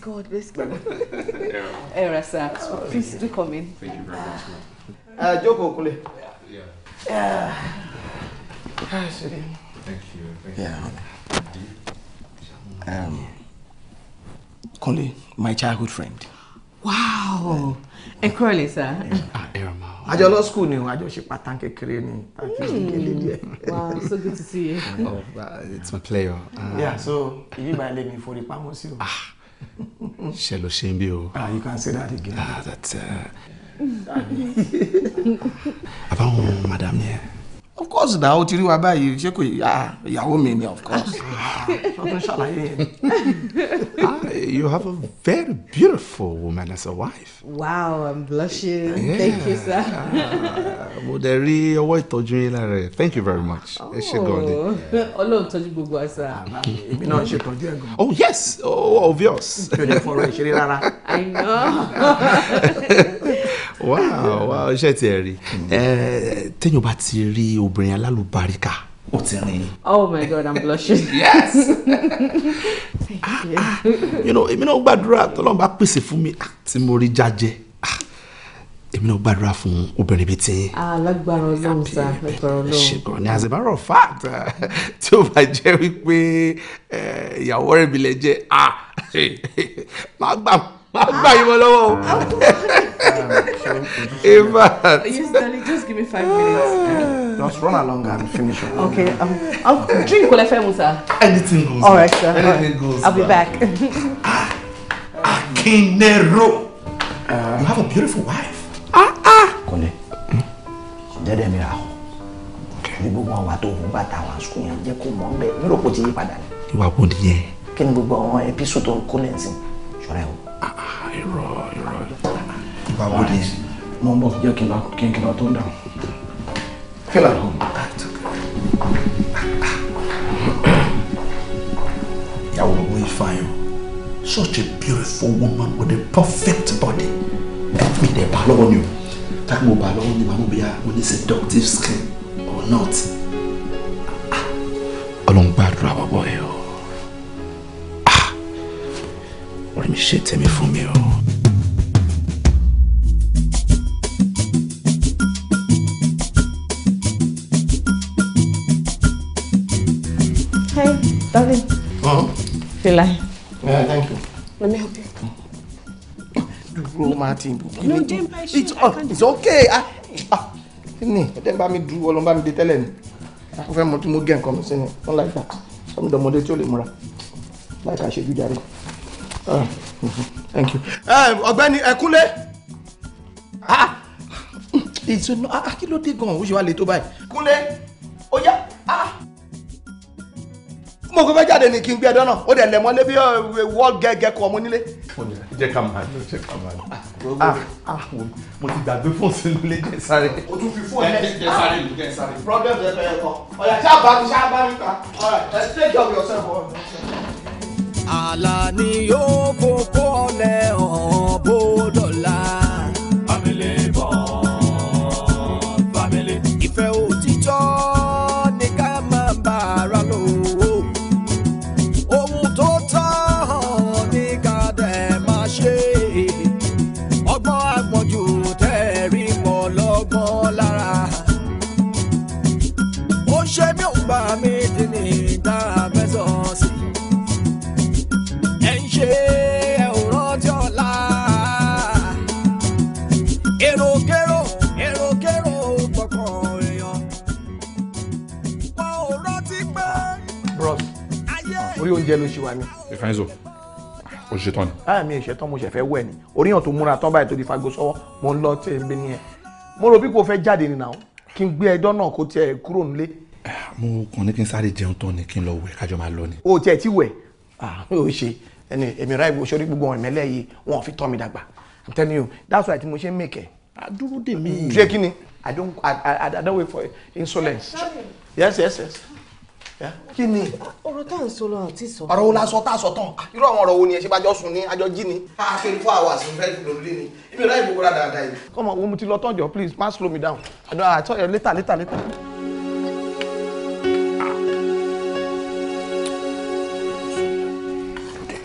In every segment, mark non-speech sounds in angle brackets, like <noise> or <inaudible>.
God, bless God. Era, sir. Oh, Please do come in. Thank you very much. Uh, jókòó kúnlẹ̀. Yeah. Yeah. Uh, Thank you. Thank yeah. You. Um, Kunle, my childhood friend. Wow. Ẹ kúrọ̀lẹ́ sá. I just lost school I just àjọ ṣe tank kékeré ni. Hmm. Wow, so good to see you. oh, uh, it's my pleasure. Uh, yeah, so ìbí báyìí lè mi forí pamọ́ sí Ah ṣe ló o. ah you can't say that again. ah that's. Uh, <laughs> àbáwọn madam yẹn. Yeah of course na o ti rí wa báyìí ṣé kò ah, ìyàwó mi ni of course ọkùnrin <laughs> ah, ṣàlàyé yẹn. Ah, you have a very beautiful woman as a wife. wow i'm blushing yeah. thank you sir. mo dẹ̀ rí ọwọ́ ìtọ́jú yín lára rẹ̀ thank you very much ẹ ṣe gan-an ni. Oh, ọlọ́run tọ́jú gbogbo àṣà. èmi náà ṣe tọ́jú ẹ̀ gan. oh yes oh, obvious. mi ò dẹ̀ fọ̀rọ̀ ìṣeré rárá. i know. <laughs> wow wow iṣẹ́ ti ẹ̀ rí eh, téèyàn bá ti rí o obìnrin alálùbáríkà ó ti rìn. oh my god i'm blushing. <laughs> yes. Ah, ah, you know èmi náà gbàdúrà tọ́lọ́run bá pèsè fún mi ah, tí mo rí jájẹ ah, èmi náà gbàdúrà fún obìnrin bíi ti. alágbára ọlọ́run sá alágbára ọlọ́run. ṣègùn ni as a matter of fact <laughs> tí ó bá jẹ́ wípé eh, ìyàwó rẹ̀ bilẹ̀ jẹ́ ah máa gbà máa gbà yín mọ́ lọ́wọ́ o. Yes, darling, just give me five minutes. <laughs> Just run along and finish up. Okay. Um, I'll um, drink will FM, sir. Anything goes. All right, sir. Anything goes. I'll be back. Ah, Akinero. Uh, you have a beautiful wife. Ah ah. Kunle. Dede mi ra. Ni gbogbo àwọn àti òun bàtà àwọn àsùkò yẹn jẹ́ kó mọ̀ ń bẹ̀. Mi rò pé ó ti yí padà ni. Ìwà kò di yẹn. Kí ni gbogbo àwọn ẹpísò tó kó lẹ́yìn ah. Ṣọ́ra ah, ẹ̀ o. Irọ́ irọ́. Ìwà kò di. Mo ń bọ̀ jẹ́ kí n lọ tó ń dà. Feel at home. That's okay. Yàwó ló wí fine. Such a beautiful woman with a perfect body. Ẹ̀mí dẹ̀ bá lọ́wọ́ ni o. Táyà mo bá lọ́wọ́ ni màmú bíyà mo ní seductive skin or not. Ọlọ́run gbàdúrà bọ̀bọ̀ ẹ̀ o. Orí mi ṣe tẹ̀mí fún mi o. Darling. Huh? Feel like? Yeah, thank you. Let me help you. my team. No, Jane, I should. It's, it's okay. Ah, ah. Kíni, ẹ̀dẹ̀ bá mi me ọlọ́run bá mi dé tẹ́lẹ̀ ni. Ah, mo fẹ́ mọ tí mo gé nǹkan mi sínú. Wọ́n láì gbà. Sọ́mídọ̀mọdé tí ó lè múra. Láì ká ṣe jújà rẹ̀. Thank you. Eh, Ọ̀gbẹ́ni Ẹ̀kúnlé. Ìṣúná ah, ah, kí ló dé gan-an? Ó ṣe wá le tó báyìí. Kúnlé, ó ah mo kò fẹ́ jáde ní kí n gbé ẹ dọ́nà ó dẹ̀ lẹ̀ mọ́lé bí eh, wọ́ọ̀lù gẹ́gẹ́ kọ́ ọmọ nílé. jẹ́ ká máa lọ jẹ́ ká máa lọ. Ah, ah, ah. mo ti gbàgbé fóònù sínú ilé jẹ́ sáré. o tún fi fóònù lẹ́yìn jẹ́ sáré ìlú jẹ́ sáré. problem ẹ bẹ̀rẹ̀ kan ọ̀yà ṣáà bá mi ṣáà bá mi ta ẹ ṣe jọ mi ọ̀sẹ̀ bọ̀. àlà ni yóò kókó ọ̀lẹ́ ọ̀ bó dọ̀la. ṣe tán ni. báyà mi ìṣẹ́ tán mo ṣẹ̀ fẹ́ wẹ̀ ni oríyàn tó múra tán báyìí tó di fagbó sọ́wọ́ mo ń lọ tẹ̀ ń bí nìyẹn mo rò bí kò fẹ́ jáde nìyàwó kí n gbé ẹjọ́ náà kó tiẹ̀ kúrò nílé. mo kàn ní kí n sáré jẹun tán ni kí n lọ wẹ̀ kájọ máa lọ ni. o tiẹ̀ ti wẹ̀ mi ò ṣe ẹni èmi ra ìwé sórí gbogbo ọ̀rìn mẹ́lẹ̀ yìí wọn fi tọ́ mi dàgbà i don't i i don't wait yes yes yes kí ni. ọ̀rọ̀ tá à ń sọ lọ àti sọ. ọ̀rọ̀ wo la sọ tá a sọ tán. Ah, irú àwọn ọ̀rọ̀ wo ni ẹ ṣe bá jọ sùn ní àjọ jí ni. a ṣe fún àwọn àṣìṣe fẹ́ẹ́ fi lòlú ní ibi ìlà ìbùkún rà dáadáa yìí. kọ́mọ wo mo ti lọ tán please má slow me down àdó àtọ ẹ later later later.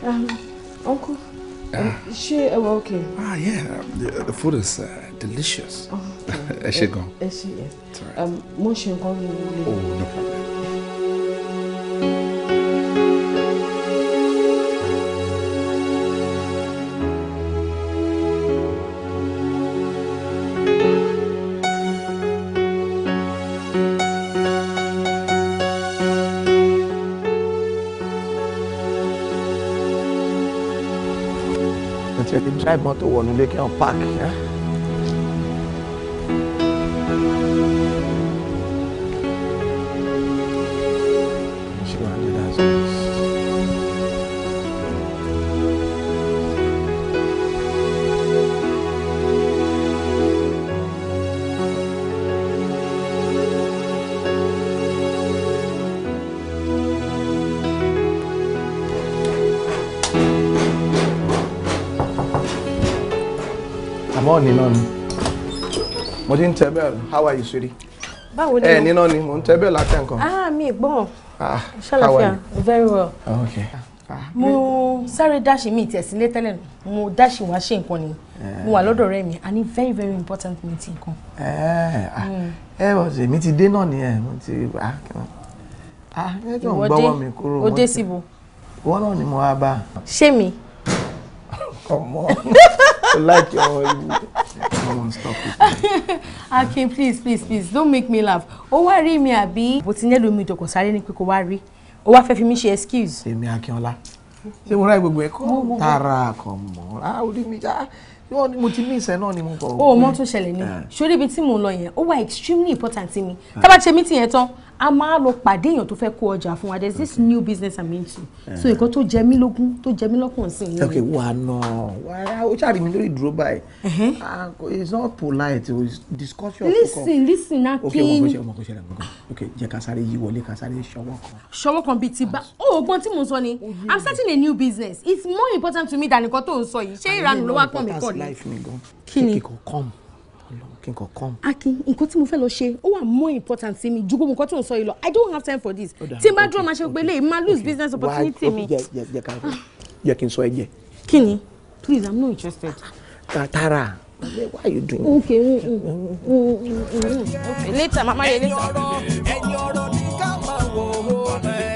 Um, uncle, ṣé ẹ wà okay? Ah yeah, um, the, the food is uh, delicious. Oh, <laughs> ẹ ṣe gan. Ẹ ṣe yes. Um, mo ṣe nǹkan mi Oh no problem. ṣáìbọn tó wọnú ilé kí wọ́n páàkì. àmọ́ ò níná ni mo ti ń tẹ bẹ́ẹ̀ how are you sweetie. báwo ni mo ẹ níná ni mo ń tẹ bẹ́ẹ̀ láti nǹkan. ah mi gbọ́n ah, ṣàlàfíà very well. Oh, okay. Ah, mo sáré dáṣì mi ìtẹ̀ sílé tẹ́lẹ̀ mo dáṣì wá ṣe nǹkan ni mo wà lọ́dọ̀ ọ̀rẹ́ mi a ní very very important meeting kan. ẹ ẹ mi ti dé náà nìyẹn mo ti wá ìwọ́dé òde síbo. wọ́n náà ni mo wá bá. ṣé mi. ọmọ. <laughs> I like your Hollywood. Come on, stop it. <laughs> Akin, please, please, please, don't make me laugh. Ó wá rí mi Abi, Bó ti ní ẹlòmíì ìjọkọ̀ sáré ni pé kó wá rí. Ó wá fẹ́ fi mí ṣe excuse. Èmi Akínọlá. Ṣé mo ra gbogbo ẹ̀kọ́? Tara kan mọ́. Á orí mi já. Mo ti ní ìṣẹ́ náà ni mo kọ̀. O mọ tó ṣẹlẹ̀ ni. Sórí eh. ibi tí mò ń lọ yẹn, ó wà extremely important sí mi. Eh. Tá bá ṣe mítìn yẹn tán, a máa lọ pàdé èèyàn tó fẹ́ kó ọjà fún wa there is this new business i'm into so eh. nǹkan tó jẹ mí lógún tó jẹ mí lọ́kàn sí i. ok wà á nà wàá ó ṣàrí mi lórí ìdúró báyìí ah, it's not polite to discuss your. listen listen na kí. ok ọmọ kò ṣe ọmọ kò ṣe ọmọ kò ṣe ok jẹ ká sáré yí wọlé ká sáré ṣọwọ́ kan. ṣọwọ́ kan bíi ti bá o ògbọ́n tí mo sọ ni i'm starting a new business it's more important to me than nǹkan tó ń sọ yìí ṣé ìranù ló wá pọ̀ mí kọ́ ni. kí ni kí n kàn come. akin nǹkan tí mo fẹ́ lọ ṣe ó wà more important sí mi ju gbogbo nǹkan tó ń sọ yìí lọ i don't have time for this tí n bá dúró máa ṣe gbélé yìí máa lose business opportunity mi. yẹ kí n sọ ẹ jẹ. kí ni please i'm not interested. tatara why you doing. okay mm, mm, mm, okay later mama yẹ later. ẹni ọ̀rọ̀ ni ká máa wò ó mẹ́.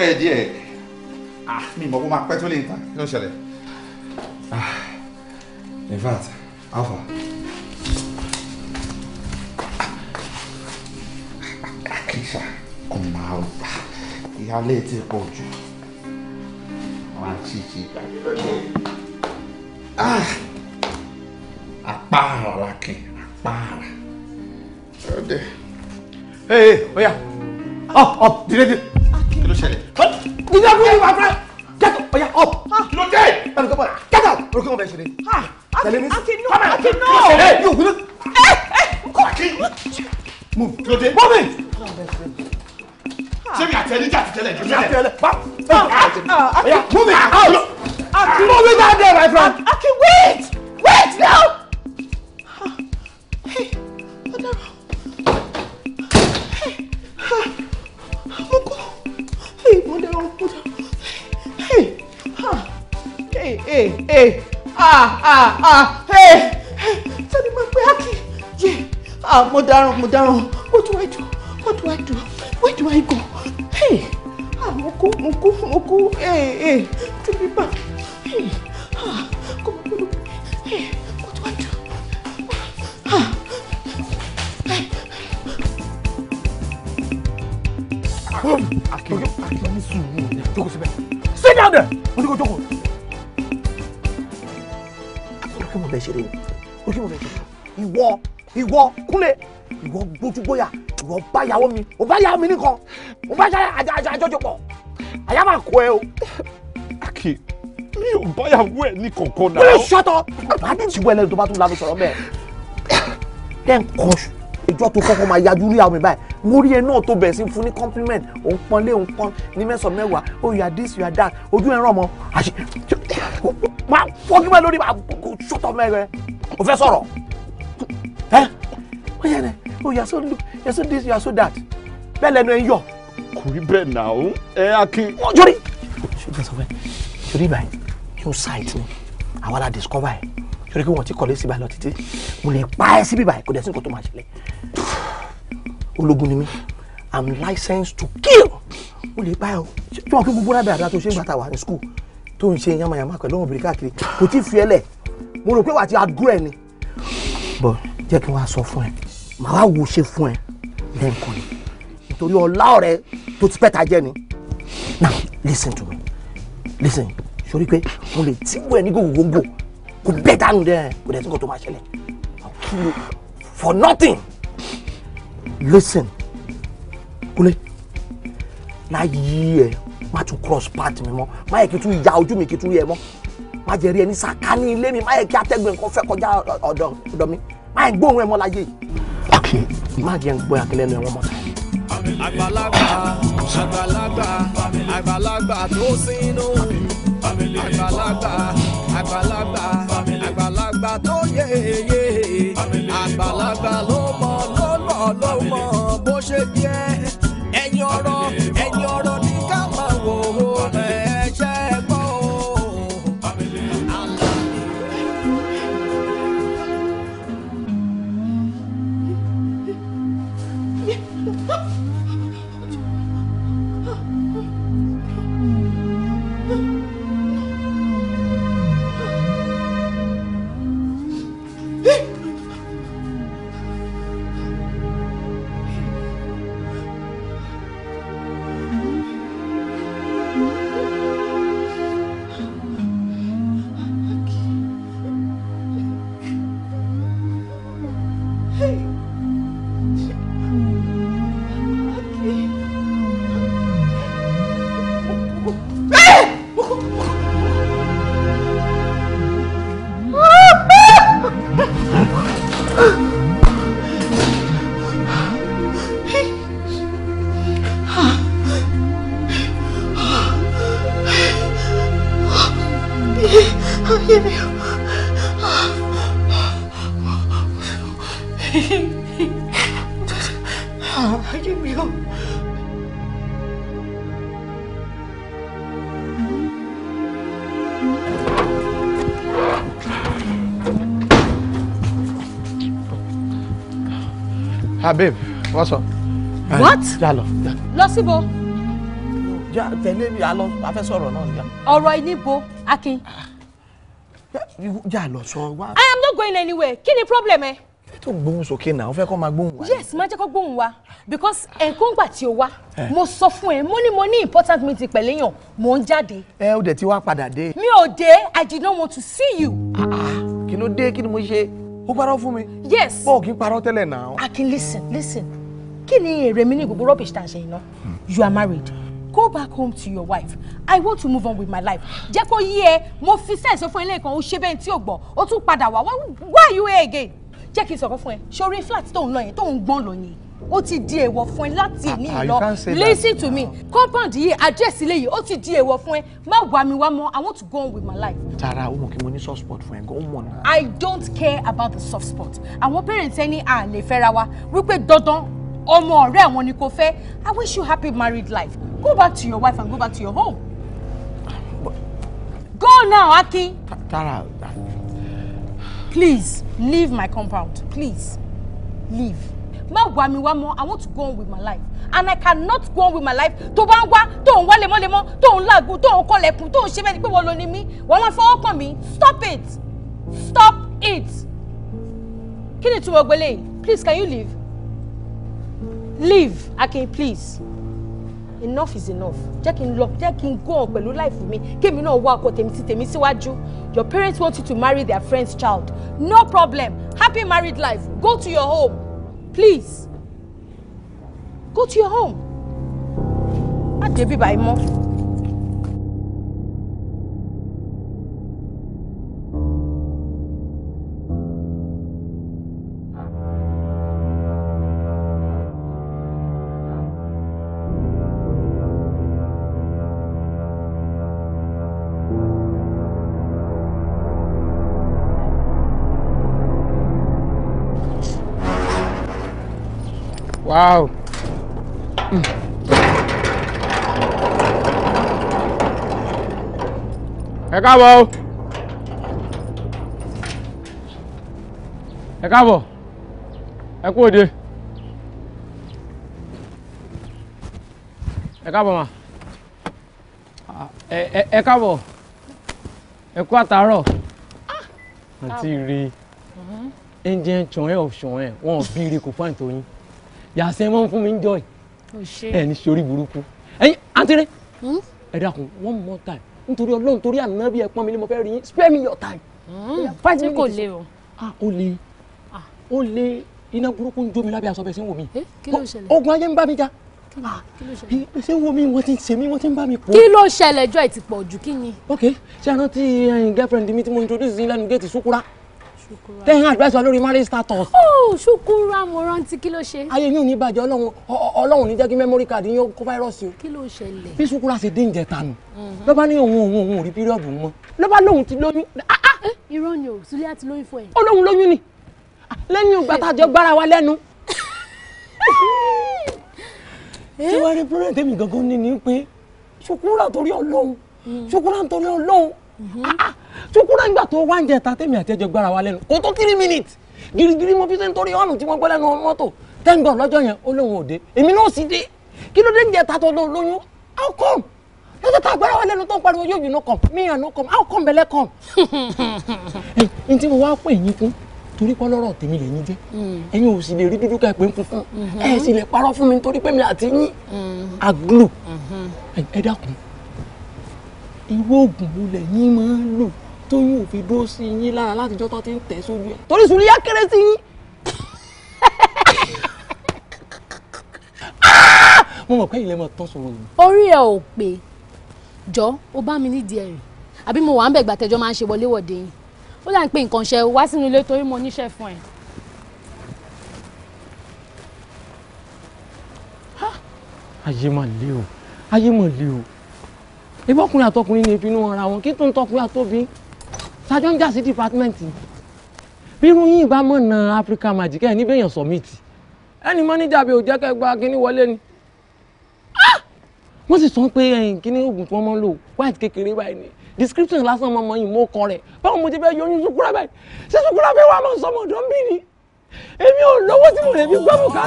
pẹ́ díẹ̀ ah, mi mọ̀ kó máa pẹ́ tó lè ta kí ló ah, in fact alpha. akíṣà ọmọ àgbà ìyáálé ti pọ̀ jù wọn ti ti apá ara lakin apá ara. ẹ ẹ oya ọ ọ dídé dídé ló ṣẹlẹ̀. ìyá mi wà fẹ́ get up oya up. kí ló dé. bẹ́ẹ̀ni kọ́ bọ̀dà get up orúkọ wọn bẹ̀ ṣe ni. tẹ̀lé mi sí kọ́mẹ̀ kí ló ṣẹlẹ̀ move kí Move dé. move it. ṣé mi àtẹnijà ti tẹ́lẹ̀ ní tẹ́lẹ̀. move it. move it down there my friend. Akin wait. hey ah ah ah hey hey, me my boy Aki yeah ah mo dáràn what do I do what do I do where do I go hey ah mo kú mo kú hey hey tell me back hey ah come on come on hey what do I do ah. hey. Akin, Akin, Akin, ní sùúrù, jókòó síbẹ̀. Sit down there! Mo ní kó jókòó. fẹ́ ṣeré o o kí mo fẹ́ ṣeré ìwọ ìwọ kúnlẹ̀ ìwọ gbójúgbóyà ìwọ báyàwó mi ò báyàwó mi nìkan ò bá ṣe àjọjọpọ̀ àyà máa kọ ẹ o. Akin mi ò báyàwó ẹ ní kankan náà. wọ́n ṣọ́tọ̀ máa ti tiwọ́ ẹlẹ́dùn tó bá tún lanu sọ̀rọ̀ mẹ́ẹ̀. ten kọ́ṣù ìjọ tó kọ́kọ́ máa yájú rí àwọn ìbáyìí mórí ẹ náà tó bẹ̀rẹ̀ sí fún ní compliment òun pọ́nlé òun pọ́n ní mẹ́sàn-án mẹ́wàá oh you are this you are that ojú ẹ̀ rán ọmọ àṣẹ máa fọ́gí mọ́ lórí máa sọ́tọ̀ mẹ́rẹ̀ o fẹ́ sọ̀rọ̀ ẹ́ ó yẹ ẹ o yà so yà so this yà so that bẹ́ẹ̀ lẹ́nu ẹ̀ ń yọ. kò rí bẹ́ẹ̀ nà ó ẹ akin. wọ́n jọrí ṣùgbọ́n sọ fẹ́ jọrí ibà new site ni àwa la discover ẹ̀ jọrí pé wọ́n ti kọ́lé síbà lọ títí mo lè pa ẹ́ síbí báyìí kò dẹ̀ sí nǹkan tó máa ṣẹlẹ̀ ológun ni mí I'm licensed to kill mo lè pa ẹ́ o tí wọ́n fi gbogbo lábẹ́ àdá tó ṣe ń gbàtà wà ní school tó ń ṣe yamayama pẹ̀lú ọmọbìnrin káàkiri kò tí ì fi ẹlẹ̀ mo rò pé wàá ti agú ẹ ni. bọ jẹ́ kí n wá sọ fún ẹ màá wá wo ṣe fún ẹ lẹ́ǹkan ni nítorí ọlá ọ̀rẹ́ tó ti pẹ́ta jẹ́ ni. now listen to me listen sori pé mo lè tí wọ ẹ ní gògóńgò kò bẹ́ẹ̀ dànù dẹ́ kò dẹ́ tí kò tó máa ṣẹlẹ̀ for nothing listen kúlẹ̀ láyé ẹ má tún cross path mi mọ́ má yẹ kí tún ya ojú mi kí tún yẹ mọ́ má jẹ́ rí ẹni sàkání ilé mi má yẹ kí atẹ́gùn nǹkan fẹ́ kọjá ọ̀dọ̀ mi má yẹ gbóhùn ẹ mọ́ láyé yìí má jẹ́ ń gbọ́ àkẹlẹ́ ẹ wọ́n mọ́ àgbàlagbà àgbàlagbà àgbàlagbà tó sínú àgbàlagbà àgbàlagbà àgbàlagbà tó yéye. ah babe what's up. what. jalo. lọ síbo. ja tẹ̀lé mi àlọ́ afẹ́ sọ̀rọ̀ náà ni. ọ̀rọ̀ ìníbo akin. jalo. sọ wa. i am not going anywhere kí ni problem ẹ. fẹ́ tó gbóhùn sókè náà ó fẹ́ kó máa gbóhùn wa. yes máa jẹ́ kó gbóhùn wa because ẹ̀kọ́ ń gbà tí o wá eh. mo sọ fún ẹ mo ní mo ní important meeting pẹ̀lú èèyàn mò ń jáde. ẹ ó dẹ̀ ti wá padà dé. mi ò dé i did not want to see you. Ah, ah, kí ló dé kí ni mo ṣe ó parọ́ fún mi. yes bọ́ọ̀ kí n parọ́ tẹ́lẹ̀ náà. akin listen listen kí ni èrè mi ní gbogbo rubbish tá à ń ṣe yìí náà hmm. you are married go back home to your wife i want to move on with my life jẹ́ kó yí ẹ mo fi sẹ́ẹ̀sì fún ilé kan ó ṣe bẹ́ẹ̀ tí ò gbọ́ ó tún padà wá why are you here again jẹ́ kí n sọ̀rọ̀ fún ẹ ṣorí flat tó ń lọ yẹn tó ń gbọ́n lọ yẹn ó ti di èèwọ̀ fún ẹ láti ah, ní ìlọ ah, listen to me compound yìí address ilé yìí ó ti di èèwọ̀ fún ẹ má wà mí wá mọ́ i want to go on with my life. tara o mọ kí mo ní soft spot fún ẹ gan mọ náà. i don't care about the soft spot àwọn parents ẹni à lè fẹ́ra wa wípé dandan ọmọ ọ̀rẹ́ àwọn ni kò fẹ́ i wish you happy married life go back to your wife and go back to your home. go now akin. tara. Ah. please leave my compound please leave má wà mí wá i want to go on with my life and i cannot go on with my life tó bá ń wá tó ń wá lemọ́lemọ́ tó ń làágùn tó ń kọlẹ̀kùn tó ń ṣe bẹ́ẹ̀ ni pé wọ́n lo ni mí wọ́n máa fọwọ́ kàn mí stop it stop it kí ni tí mo gbélé please can you leave leave akin please enough is enough jẹ́ kí n lọ jẹ́ kí n go on pẹ̀lú láìfù mi kémi náà wá ọkọ tèmi ti tèmi síwájú your parents want you to marry their friend's child no problem happy married life go to your home. Please, go to your home. Má débí báyìí mọ́. Wow. Mm. ẹ káàbọ̀ o òde ẹ káàbọ̀ mà ẹ àtàárọ̀ àti rí ẹ ń jẹ́ ṣọ̀ẹ́ wọn ò bí rí kò fáìn tó yàsẹ́ wọn fún mi ń jọ ẹ̀ ẹ̀ ní sori burúkú ẹ̀yin àǹtẹ̀rẹ̀ hmm? ẹ̀ dákun one more time nítorí ọlọ́run torí ànábì ẹ̀ pọ́n mi ni mo fẹ́ rí yín spare me your time. Hmm? five minutes kò le o. ah o le o le iná burúkú ń jó mi lábẹ́ aṣọ bẹ́ẹ̀ ṣe ń wò mí. Eh, kí ló ṣẹlẹ̀ ogun ayé ń bá mi já. kí ló ṣẹlẹ̀ ṣé wo mi wọ́n ti ṣe mí wọ́n ti ń bá mi kú. kí ló ṣẹlẹ̀ ẹjọ́ ẹ̀ ti pọ̀ jù kí ni. ok ṣé àná tí eh, girlfriend mi tí mo introduce yín lẹ́nu géètì sukura ten advice wa lórí marriage status. ó oh, ṣùkúrà mo rántí kí ló ṣe. ayé yóò ní bàjẹ́ ọlọ́run ọlọ́run ní jẹ́ kí memory card kó fáírọ́ọ̀sì o. kí ló ṣẹlẹ̀. bí ṣùkúrà ṣe dé ìjẹta nù mhm. ló bá ní òun òun òun ò rí píríọ̀dù mọ́ ló bá lóun ti lóyún. Ah, ah. Eh, irọ́ ni o Suliat ti lóyún fún ẹ. ó lóun lóyún ni ah, lẹ́yìn ìgbà tá a jọ gbára wa lẹ́nu. tí <laughs> eh? wàá rí pírẹ̀ tèmi gangan ṣùkúrà nígbà tó wá ń jẹ ta tèmi àti ẹjọ gbára wa lẹ́nu kò tó three minutes girigiri mo fi ṣe ń torí ọ̀nù tí wọ́n gbọ́ lẹ́nu mọ́tò tẹ́ǹgàn lọ́jọ́ yẹn ó lóun ò dé èmi náà sì dé kí ló dé ń jẹ ta tó lóyún how come lọ́jọ́ tá a gbára wa lẹ́nu tó ń pariwo yóò yìí no come me and no come how come bẹ̀lẹ̀ come. ẹ <laughs> ẹ ti mo wá pè yín fún torí pé ọlọ́rọ̀ tèmi lè ní jẹ́ ẹ̀yin ò sì lè rí dúdú ká pé ń funfun ẹ̀ sì lè parọ́ fún mi nítorí pé mi àti yín àgùlù mm-hmm. mm-hmm. ẹ dákun irú oògùn ló lẹ̀ yín máa ń lò tóyún ò fi bó sí yín lára látijọ́ tó ti ń tẹ̀ sójú ẹ̀ torí sùn níyà kéré sí yín. <laughs> mo mọ̀ pé ilé mọ̀ tán sọ̀rọ̀ yìí. orí ẹ̀ ò pé jọ ó bá mi nídìí ẹ̀ àbí mo wà ń bẹ̀ gbàtẹ́jọ́ máa ń ṣe wọléwọ̀de yìí ó dà ń pé nǹkan ṣe wá sínú ilé torí mo níṣẹ́ fún ẹ̀. ayé mà le o ayé mà le o ebi ọkùnrin àtọkùnrin ni ìbínú ara wọn kí tó ń tọkùnrin àtọbí ṣáájọ ń jà sí dìpátímẹ́ǹtì bírú yín bá mọ̀ na Africa Magic ẹ̀ níbẹ̀ èèyàn sọ̀mìtì ẹni mọ́níjà bí ò jẹ́ kẹ́ kínní wọlé ni ah! wọ́n sì sọ pé ẹ̀yìn kínní oògùn tí wọ́n mọ́ lò white kékeré báyìí ni description lásán mọ́mọ́ yìí mọ́ kọ́ rẹ̀ báwo mo ti fẹ́ yọyún sukura báyìí ṣé ni èmi ò lówó mo lè fi gbọ́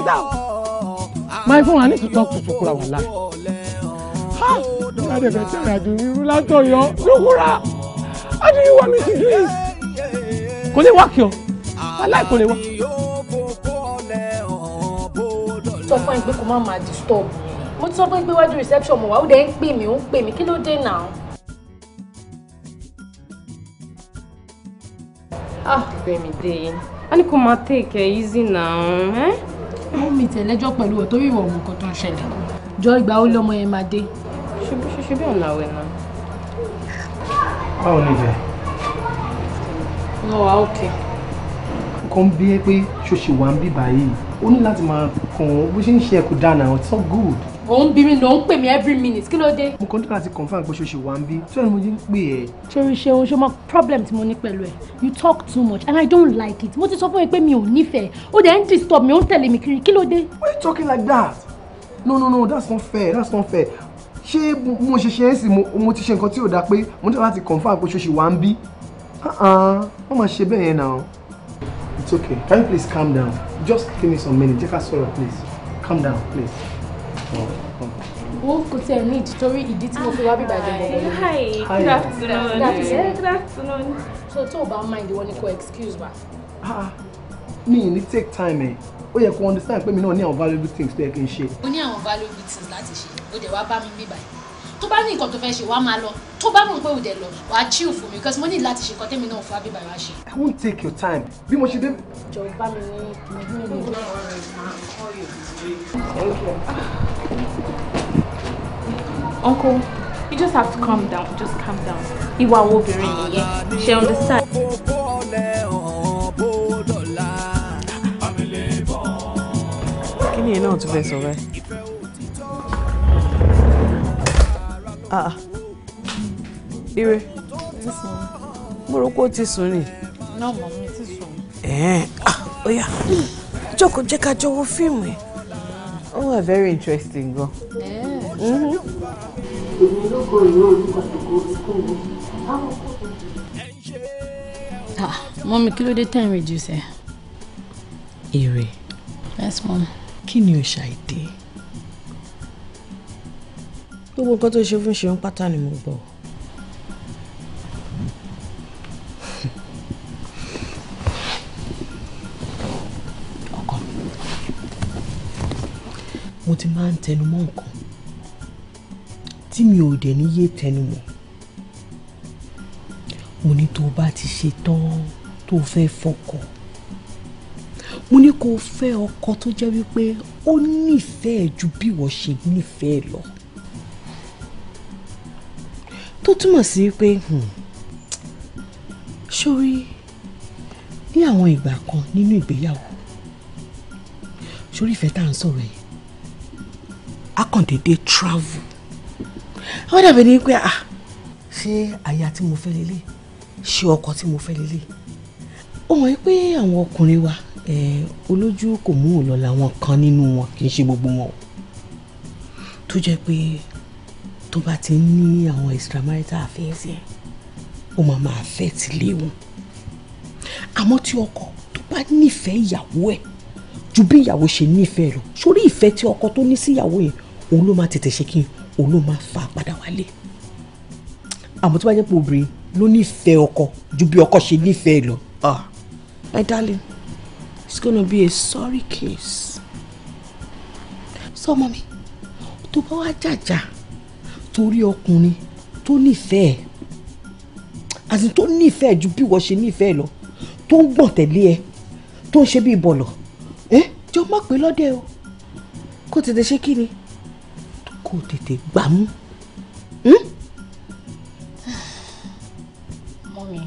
my phone I need to talk to sukura wàhálà how do you want me to do this? kò lè wá kí ọ aláì kò lè wá. sọ fún ẹ pé kò má máa disturb mo ti sọ pé pé wájú reception mo wà ó dẹ̀ ń pè mí ó ń pè mí kí ló dé náà. ah gbẹ̀mí dé yín a ní kó máa take it easy now. mú eh? mi tẹ̀lẹ́jọ́ pẹ̀lú ọ̀ torí ìwọ̀ ọ̀hún kan tó ń ṣẹlẹ̀ jọ ìgbà ó lọ́mọ yẹn máa dé she should be on her way now. Báwo ni ìfẹ́? No, okay. Kàn bí ẹ pé ṣoṣì wà ń bí báyìí. O ní láti máa kàn wọ́n bó ṣe ń ṣe ẹ̀kú dáná. It's so good. Ò ń bí mi ló ń pè mí every minute. Kí ló dé? Mo kàn dára ti confirm pé ṣoṣì wà ń bí. Tí wọ́n mo ti ń pè ẹ́. Ṣorí ṣe oṣù mọ problem tí mo ní pẹ̀lú ẹ̀. You talk too much and I don't like it. Mo ti sọ fún ẹ pé mi ò nífẹ̀ẹ́. Ó dẹ̀ ń disturb mi, ó ń tẹ̀lé mi kiri. Kí ló dé? Why you talking like that? No, no, no, that's not fair. That's not fair ṣé mo ṣe ṣe é sì mo ti ṣe nǹkan tí ò dáa pé mo ní láti confam pé ṣoṣì wà ń bí wọ́n máa ṣe bẹ́ẹ̀ yẹn náà. it's okay can you please calm down just give me some minutes jẹ́ ká sọ̀rọ̀ please calm down please. Wolf could tell me nítorí ìdí tí mo fi wá bíbá ìjọba ọmọ mi. Hi, good afternoon. Good afternoon. So tó o bá mind wọn ni kò excuse ma? Mi ì ní take time ẹ̀, ó yẹ kó understand pé mi náà ní àwọn valuable things tó yẹ kí n ṣe. O ní àwọn valuable things láti ṣe ó dẹ̀ wá bá mi bíbà yìí tó bá ní nǹkan tó fẹ́ ṣe wàá máa lọ tó bá mọ̀ pé ò dẹ̀ lọ wàá chill fún mi because mo ní láti ṣe nǹkan tẹ́mi náà fún abíbà wá ṣe. I won't take your time bí mo ṣe dé. jọ bá mi ní ìdílé mi. Ah. uncle you just have to calm down just calm down ìwà obìnrin nìyẹn ṣe understand. kí ni iná tún fẹ́ sọ bẹ́ẹ̀. ire mo rò pé ó ti sùn ni. náà mọ̀ mi ti sùn. ẹ̀ẹ́n ó yá jókòó jẹ́ ká jọ wo fíìmù yìí. ó very interesting go. èmi mm-hmm. ló kọ ìwé orúkọ àtòkò ìkó mi báwọn kò tó reduce ẹ̀. èrè. yes mọ́mí. kí ni o ṣàìdí? gbogbo nǹkan tó ṣe fún ṣeun pátá ni mo gbọ́. ọkọ mi mo ti máa ń tẹnu mọ́ nǹkan tí mi ò dẹ̀ ní yé tẹnu mọ́ mo ní tó o bá ti ṣe tán tó o fẹ́ fọkọ mo ní kó o fẹ́ ọkọ tó jẹ́ wípé ó nífẹ̀ẹ́ ju bí wọ́n ṣe nífẹ̀ẹ́ lọ tó túmọ̀ sí pé sórí hmm, ní àwọn ìgbà kan nínú ìgbéyàwó sórí ìfẹ́ tá à ń sọ̀rọ̀ yìí a kàn déédéé travel àwọn dàbí ni pé ah ṣé aya tí mo fẹ́ lélẹ̀ ṣé ọkọ tí mo fẹ́ lélẹ̀ ó mọ̀ pé àwọn ọkùnrin wa olójú kò mú òun lọ làwọn kan nínú wọn kì í ṣe gbogbo wọn tó jẹ́ pé tó bá ti ní àwọn extramarital affairs yẹn ó máa máa fẹ́ tilé wọn àmọ́ tí ọkọ tó bá nífẹ̀ẹ́ ìyàwó ẹ̀ ju bí ìyàwó ṣe nífẹ̀ẹ́ lọ sórí ìfẹ́ tí ọkọ tó ní síyàwó yẹn òun ló máa tètè ṣe kí n òun ló máa fà padà wálé àmọ́ tó bá jẹ́ pé obìnrin ló nífẹ̀ẹ́ ọkọ ju bí ọkọ ṣe nífẹ̀ẹ́ lọ. Ah. my darling it's gonna be a sorry case. so mọ́mi tó bá wá jàjà torí ọkùnrin tó nífẹ̀ẹ́ àti tó nífẹ̀ẹ́ ju bí wọ́n ṣe nífẹ̀ẹ́ lọ tó ń gbọ̀n tẹ̀lé ẹ tó ń ṣe bí bọ̀lọ̀ ẹ jọ má pé lọ́dẹ o kó tètè ṣe kí ni kó tètè gbà mú. Hm? mọ́mi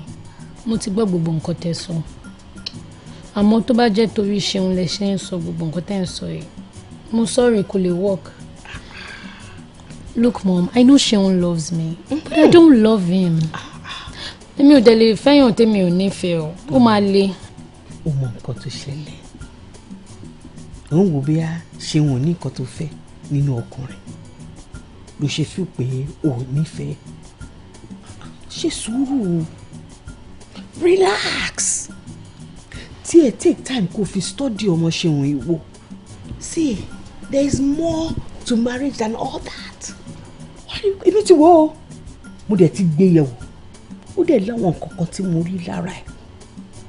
mo ti gbọ́ gbogbo nǹkan tẹ́ sọ àmọ́ tó bá jẹ́ torí ṣeun lẹ ṣe ń sọ gbogbo nǹkan tẹ́ ń sọ yìí mo sọ̀rọ̀ kò lè work Look, mom, I know Seun loves me, but I don't love him. Èmi ò dẹ̀ lè fẹ́yàn tèmi ò nífẹ̀ẹ́ o, ó máa le. O mọ nǹkan tó ṣẹlẹ̀. Ò ń wo bí a ṣe wọn ní nǹkan tó fẹ́ nínú ọkùnrin. Ló ṣe fi pé o ò nífẹ̀ẹ́. Ṣe sùúrù o. Relax. Tí ẹ take time kó fi study ọmọ Seun ìwò. See, there is more to marriage than all that èmi ti wò ó mo dẹ̀ ti gbé yẹ̀wò ó dẹ̀ láwọn kankan tí mo rí lára ẹ̀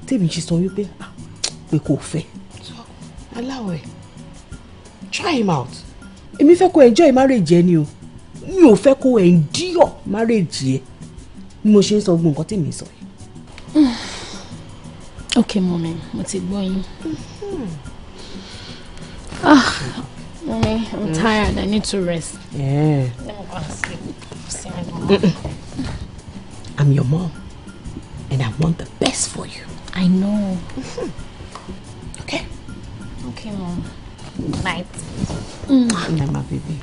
tèmi ṣe sọ wípé pé kò fẹ́. aláwọ̀ ẹ̀ try him out. èmi fẹ́ kó enjoy marriage ẹ ni o mi ò fẹ́ kó endure marriage ẹ ni mo ṣe ń sọ gbogbo nǹkan tèmi sọ yìí. <sighs> ok mọ̀mí mo ti gbọ́ yín. Mm-hmm. ah Mommy, I'm mm. tired. I need to rest. Yeah. Let me go and sleep. See you I'm your mom, and I want the best for you. I know. Mm-hmm. okay? Okay, mom. Night. Night, my baby.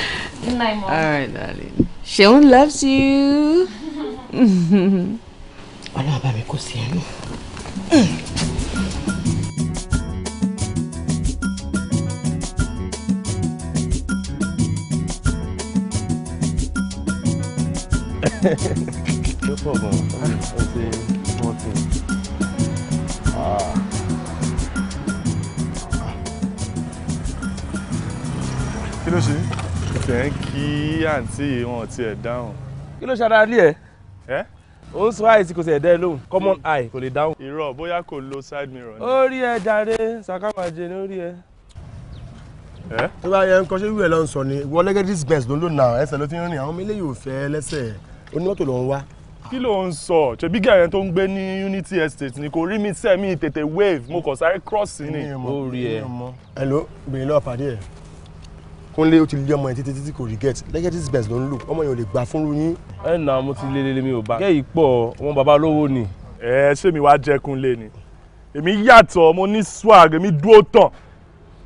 <laughs> Night, mom. All right, darling. Sean loves you. <laughs> <laughs> Ọlọ́run bá mi kó sí ẹnu. ló pọ̀ gan ẹ ṣe small Ah. kí ló ṣe tẹ̀ ń kí àǹtí wọn tiẹ̀ dáhùn. kí ló ṣe ara rí ẹ. ẹ ó ń sọ àìsí kò sì ẹ̀dẹ́ lóhùn common eye kò lè dáhùn. irọ́ bóyá kò lo side mirror ni. ó rí ẹ jàre sàkàmàjẹ ni ó rí ẹ. tó bá yẹ nǹkan ṣé wíwẹ̀ lọ́n sọ ni wọ́n lẹ́gẹ́dìs best ló ń lò náà ẹsẹ̀ ló fi ń rìn àwọn ọmọ eléyìí ò fẹ́ lẹ́sẹ̀ onímọ́tò ló ń wá. kí ló ń sọ ṣebí gẹ̀rẹ́ tó ń gbé ní unity estate ni kò rí mi sẹ́mi tètè wave mo kàn sáré cross ni. ó rí ẹ. ẹ ló lọ́wọ́ pàdé ẹ̀ kúnlé ó ti lé ọmọ yẹn títí títí kò rí get legacy best ló ń lò ọmọ yẹn ò lè gbà fún yín. ẹ nà mo ti lé lélẹ́ ò bá. kẹ́yì pọ̀ ọmọ bàbá lówó ni. ẹ ṣé mi wá jẹ kúnlé ni èmi yàtọ̀ mo ní swag èmi dúró tán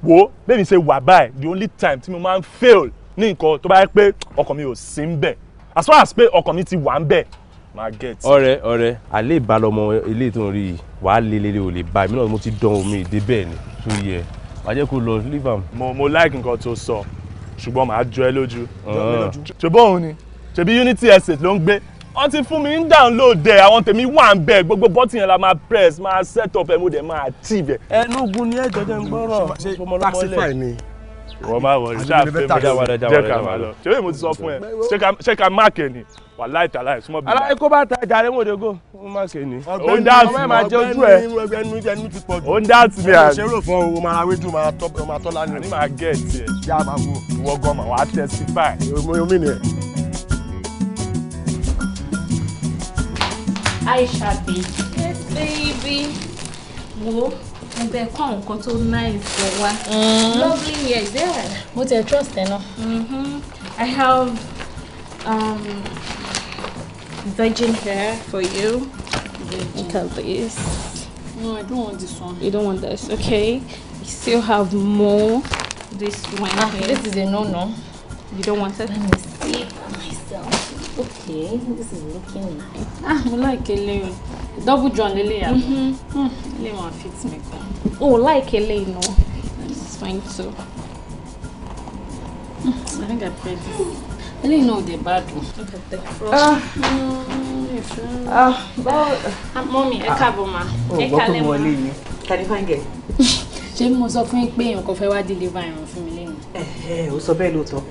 wo bẹ́ẹ̀ mi ṣe wà báyìí the only time tí mo máa ń fail ní nǹkan tó bá yẹ pé ọkàn mi ò sí ń bẹ̀ as far as pé ọkàn mi ti wà ń bẹ̀ máa get. ọ̀rẹ́ ọ̀rẹ́ àlè ìbálòmọ ilé tó ń rí yìí wàá lé lélẹ ò lè bá mi náà mo ti dán omi ìdè bẹ́ẹ̀ ni tó yẹ wàá jẹ́ kó lọ leave am. mo mo like nǹkan tó sọ ṣùgbọ́n màá jọ ẹ lójú. ṣebí òun ni ṣebí unity estate ló ń gbé wọ́n ti fún mi ń download ẹ̀ àwọn tèmi wà ń bẹ̀ gbogbo bọ́tì yẹn la máa press máa set up ẹ̀ mo dẹ̀ máa tì bẹ̀. ẹnu ogun ni ẹ jọjọ ń gbọ́rọ̀ ọmọlọmọlẹ. taxify ni wọ́n máa wọ̀ ṣáà fẹ́ mi jẹ́ ká máa lọ ṣé mo ti sọ fún ẹ ṣé ká máàkì ẹ̀ ni wà láì tà láì súnmọ́ bí. aláì kó bá ta jàre mo de go ó má ṣe ni. ó ń dáàsì mi ọgbẹ́ni ọgbẹ́ni ẹnu ti pọ̀ jù. ó ń dáàsì mi àná. ṣeré fún owó máa wéjú máa tọ́ máa tọ́ lánàá. ní máa gẹ̀ ẹ́ tiẹ̀. yá máa wò. ìwọ gan ma wà á testify. omi ni ẹ. Aisha baby. yes baby. wo mo bẹ kọ́ àwọn nǹkan tó nice for wa mm-hmm. lovely years there. mo tẹ trust ẹ náà. Mm-hmm. I have um, virgin hair for you. You can this. No, I don't want this one. You don't want this, okay? We still have more. This one. Ah, here. This is a no-no. You don't want it? Let me see myself. Okay, this is looking nice. Ah, mo like little Double John eléyìí àbọ̀. Eléyìí máa fit mi pa. Oh, like eléyìí no. This is fine too. Hmm, I think I prefer this. didn't know dey bad o. Look at the frog. Ah, ah, ah. Mọ́mí, ẹ káàbọ̀ ma. Ah. Ẹ oh, kálẹ̀ ma. Kàdí fáńgẹ̀. <laughs> Ṣé mo sọ fún yín pé èèyàn kan fẹ́ wá deliver ẹ̀ràn fún mi lẹ́yìn? Ẹ ẹ, ó sọ bẹ́ẹ̀ lóòótọ́.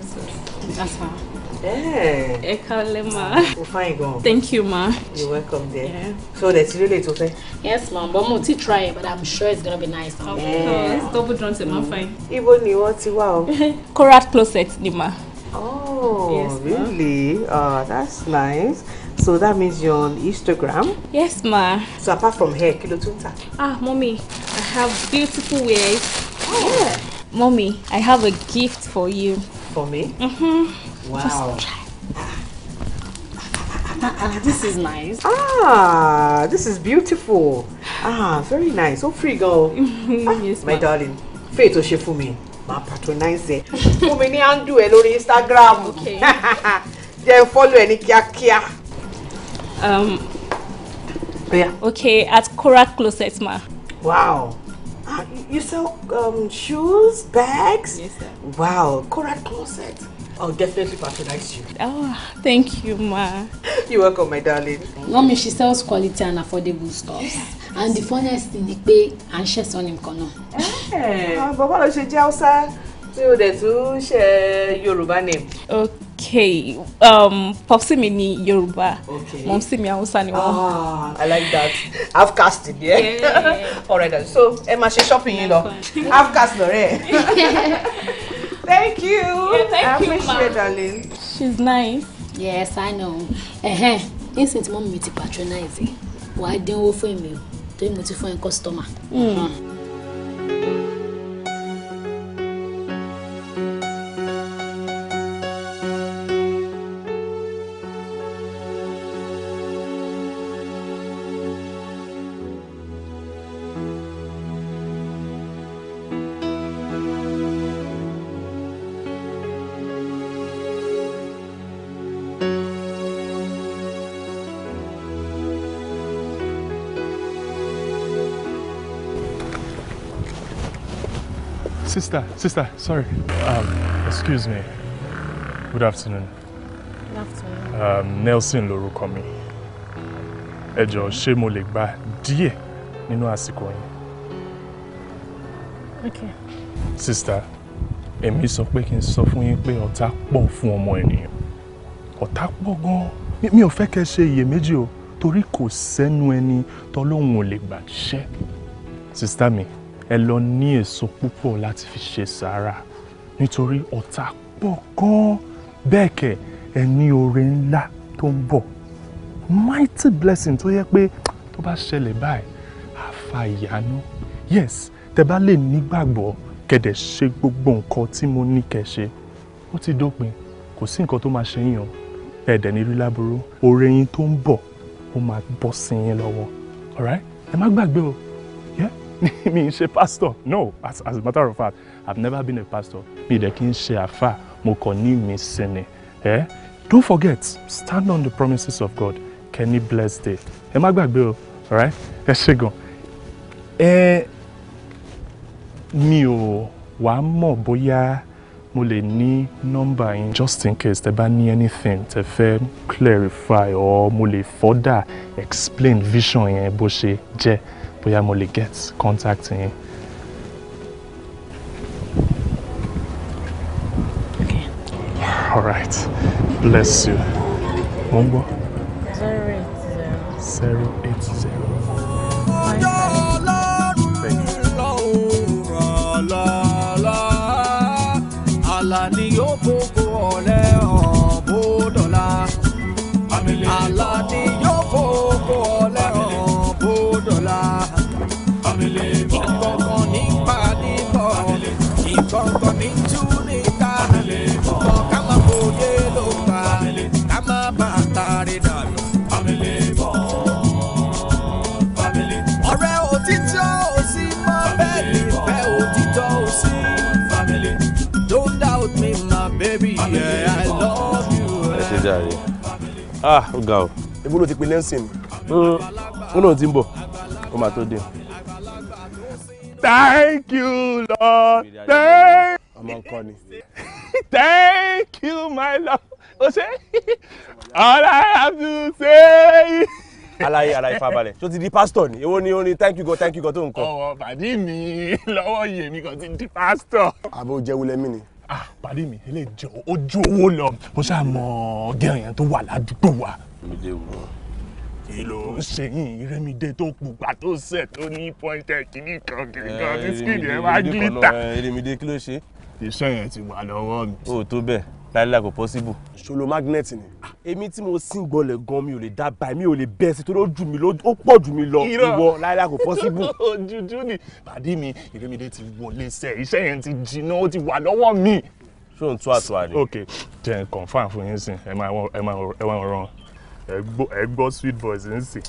That's all. Eh. ẹ kálẹ́ ma. o fine go. thank you ma. You're welcome there. Yeah. so there really lele to fẹ. yes ma but mo ti try but i'm sure it's gonna be nice. of eh. course double drum ma fine. Even mm. ni wọ́n ti wá o. coral <laughs> closet ni ma. oh yes, really oh, that's nice. So that means you're on Instagram? Yes, ma. So apart from hair, kilo lo Ah, mommy, I have beautiful wares. Oh. Yeah. Mommy, I have a gift for you. For me? Mm-hmm. Wow. Just try. Ah, this is nice. Ah, this is beautiful. Ah, very nice. So free girl. <laughs> Ah, yes, my darling. Faith ò ṣe for me. My patronize ẹ. Fún mi ní handle Instagram. <laughs> Okay. <laughs> Jẹ́ follow any kia kia. Um Yeah. Okay, at Cora Closet ma. Wow. Uh, you sell um, shoes, bags? Yes, sir. Wow, Cora Closet. I'll definitely patronize you. Oh, thank you, ma. You're welcome, my darling. Mommy, she sells quality and affordable stuff. Yes. And the funniest thing is pay and ń ṣẹ̀sọ́ ní nǹkan náà. Eh, ah, bàbá ló ṣe jẹ́ Hausa So, o dẹ̀ share Yoruba name. Okay, um, popsi me ni Yoruba. okay. Mom, mi me ni wọ́n. Ah, I like that. Half caste yeah. ẹ. <laughs> All right, then. so Emma, máa shopping you know. I've caste lọ rẹ̀. <laughs> Thank you. Yeah, thank I appreciate you, appreciate, darling. She's nice. Yes, I know. Eh, instant mọ́mí mi ti patronize. E, Wàá Why fún mi o, me? mo you fún ẹ customer. Mm. Mm. sister, sister, sorry. Um, excuse me. Good afternoon. Good afternoon. Um, Nelson lorúkọ mi. Ẹ jọ̀ọ́ ṣé mo lè gba Okay. Sister, emi sọ pé kí n sọ fún yín pé ọ̀tá pọ̀ fún ọmọ ènìyàn. Ọ̀tá pọ̀ gan-an. Mi ò fẹ́ kẹ́ ṣe iyèméjì o, torí kò sẹ́nu ẹni tọ́lọ́hun ò lè gbàṣẹ́. Sister mi, ẹ lọ ní èso púpọ̀ láti fi ṣe sàárà nítorí ọ̀tá pọ̀ gan-an bẹ́ẹ̀ kẹ̀ ẹ ní oore ńlá tó ń bọ̀ mighty blessing tó yẹ pé tó bá ṣẹlẹ̀ báyìí àfa yes tẹ bá lè nígbàgbọ́ kẹ̀dẹ̀ ṣe gbogbo nǹkan tí mo ní kẹ́ ṣe ó ti dópin kò sí nǹkan tó máa ṣe yín o ẹ̀dẹ̀ ní rí oore yín tó ń bọ̀ ó máa bọ́ sí yín lọ́wọ́ alright ẹ má gbàgbé o <laughs> mi ń ṣe pastor no as, as a matter of fact I've never been a pastor mi dẹ̀ kí n ṣe àfà mo kàn ní mi sinmi eh? don't forget stand on the promises of God Kenny bless day ẹ má gbàgbé o alright ẹ ṣe gan ẹ mi ò wá mọ̀ bóyá mo lè ní nọ́mbà yín just in case tẹ bá ní anything tẹ fẹ́ clarify or mo lè further explain vision yẹn bó ṣe jẹ́. bóyá mo lè get Okay. all right bless you. mo ń gbọ́. zero eight zero. zero eight zero. Àlàní yóò gbogbo ọ̀lẹ́. ah ga o. èbó ló ti pe lẹ́sìn ni. Hmm, ó ti ń bọ̀ ó máa tó thank you lord thank you. ọmọ nǹkan thank you my lord ó ṣe all I have to say alaye alaye fabalẹ tó ti di pastor ni èwo ni ó ní thank you God thank you God tó nǹkan. ọwọ bàdí mi lọ́wọ́ yèmí kan ti di pastor. àbò jẹ́ wulẹ̀ mi ni ah pàdé mi eléyìí jẹ ojú owó lọ mo ṣáà mọ gẹ́rùn yẹn tó wà ládùúgbò wa. kí ló ń ṣe yín Rẹ́mídé tó pupa tó sẹ̀ tó ní pọ́ńtẹ̀ kìíní kan kìíní kan tí skin yẹn wá gílítà. Rẹ́mídé eh, kí ló ṣe. iṣẹ́ yẹn ti wà lọ́wọ́ mi. o tó bẹ́ẹ̀ láìláì kò possible. ṣòlò magnet ni. Ah, èmi tí mo sin gbọ́lẹ̀ gan mi ò lè dábàá mi ò lè bẹ́ẹ̀ sí torí ó jù mí lọ ó pọ̀ jù mí lọ ìwọ láìláì kò possible. <laughs> jújú ni pàdé mi ìrèmídé ti wọlé sẹ iṣẹ́ yẹn ti jiná ó ti wà lọ́wọ́ mi. ṣé òun tún àtúwà ni. ok jẹ́ n confam fún yín sìn ẹ máa ràn ẹ gbọ́ sweet voice. ń sìn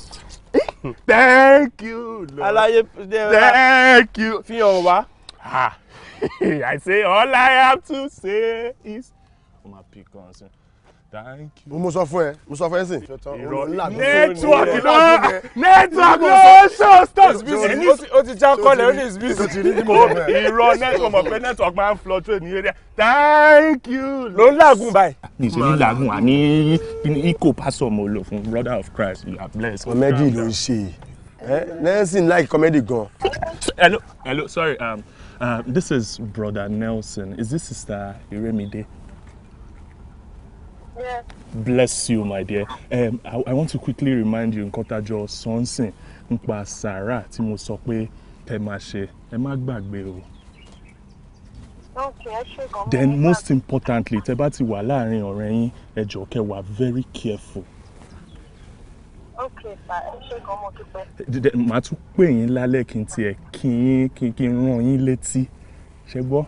thank you lord alaye thank you fi hàn wá. Ah, <laughs> I say all I have to say is kó máa pick gan sí. mo sọ fún ẹ mo sọ fún ẹ sìn. nẹ́tíwọ̀kì ló nẹ́tíwọ̀kì ló ṣó stars business. ó ti já kọlẹ̀ ó ní is busy. irọ́ nẹ́tíwọ̀kì mọ̀ pé nẹ́tíwọ̀kì máa ń fluctuate ní area thank you ló ń làágùn báyìí. mi ìṣe ní làágùn àní ikọ̀ pásọ̀ mo lò fún brother of Christ you are blessed. kọ́mẹ́dì ló ń ṣe Nelson like comedy gan. hello hello sorry um, uh, this is brother Nelson is this sister Iremide. Bless you, my dear. Um, I, I want to quickly remind you, nǹkan tájọ sọ́nsìn nípa sàárà tí mo sọ pé ẹ máa ṣe ẹ má gbàgbé o. Then most importantly, tẹ bá ti wà láàrin ọ̀rẹ́ yín, ẹ jọ̀ọ́ wà very careful. Okay, sir. ẹ ṣe gan mo dúpẹ́. Màá tún pè yín lálẹ́ kí n tiẹ̀ kí yín kí n rán yín létí. Ṣé gbọ́?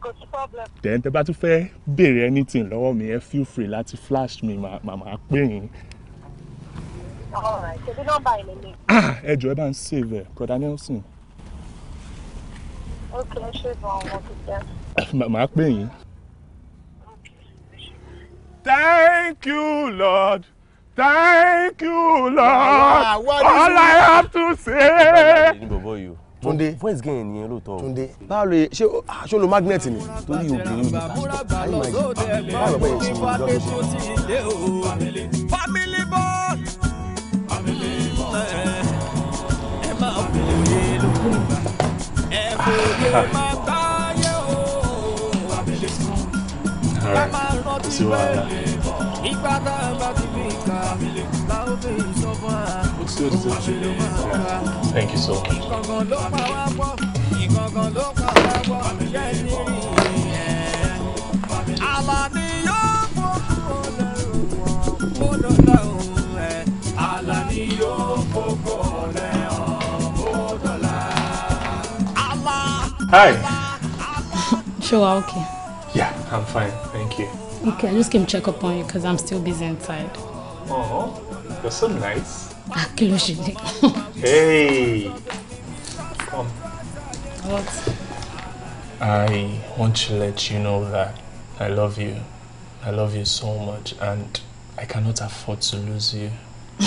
kò sí problem. then tẹ bá tún fẹ́ béèrè anything lọ́wọ́ mi ẹ feel free láti flash mi màmá pè yín. alright ṣe bí nọ́mbà yìí lè. Ah, ẹ jọ̀ọ́ ẹ bá ń save ẹ broda Nelson. ok ẹ ṣe gan ọmọ tuntun. màmá pè yín. thank you lord. Thank you, Lord. Ah, All I have to say. Túndé voice gain nìyẹn lóòótọ́ Túndé báwo lè ṣé ah, ṣé lo magnet ni. torí obìnrin mi ayi ma jì báwo máa fòye lókun máa yẹ o ẹ máa rántí ìgbà tá a bá ti fi kà láwọn fi. Thank you so much. Hi. Sure, okay. Yeah, I'm fine. Thank you. Okay, I just came check up on you because I'm still busy inside. Oh, You're so nice. Ah, kí ló Hey, come. What? I want to let you know that I love you. I love you so much and I cannot afford to lose you. <laughs>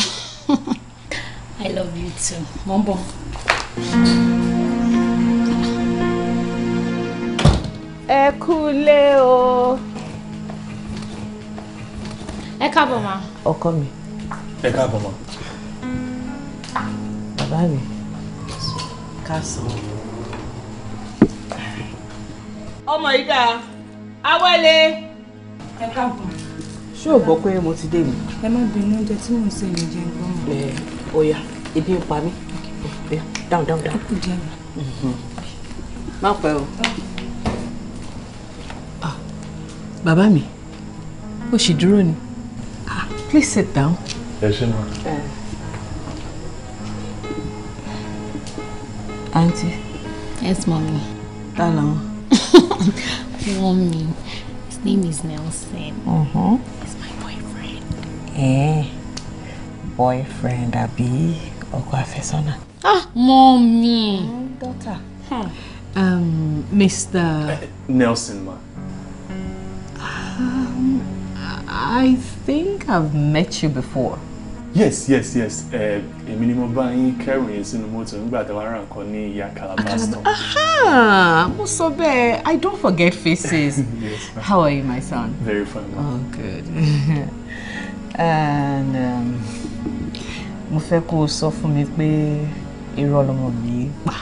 I love you too. Mo ń bọ̀. o. Ẹ káàbọ̀ Oh, Ọkọ mi ẹ káàbọ̀ mọ́. bàbá mi ká sàn. ọmọ yìí dáa awẹ́lẹ̀ ẹ káàbọ̀. ṣé o gbọ́ pé mo ti dé mi. ẹ má bínú oúnjẹ tí mò ń sè ní jẹun gbọ́n. ẹ ó yá ebi ń pa mí dáhùn dáhùn dáhùn. Mhm. má pẹ́ o. Ah, bàbá mi ó sì dúró ni ah, please sit down ẹ ṣe mọ. àǹtí. yes mami. ta làwọn. mami <laughs> his name is Nelson. Uh-huh. he's my boyfriend. Eh, boyfriend àbí ọkọ àfẹ́sọ́nà. ah mami. daughter. Hmm. Um, Mr. Nelson ma. Um, I think I've met you before yes yes yes èmi ni mo bá yín kẹrù yẹn sínú mọ́tò nígbà tí wàá ra nǹkan ní ìyá calabasto. aha mo sọ bẹ́ẹ̀ i don't forget faces <laughs> yes, how are you my son. very fine ma. oh good <laughs> and um, mo fẹ́ kó o sọ fún mi pé irọ́ lọmọ mi pa.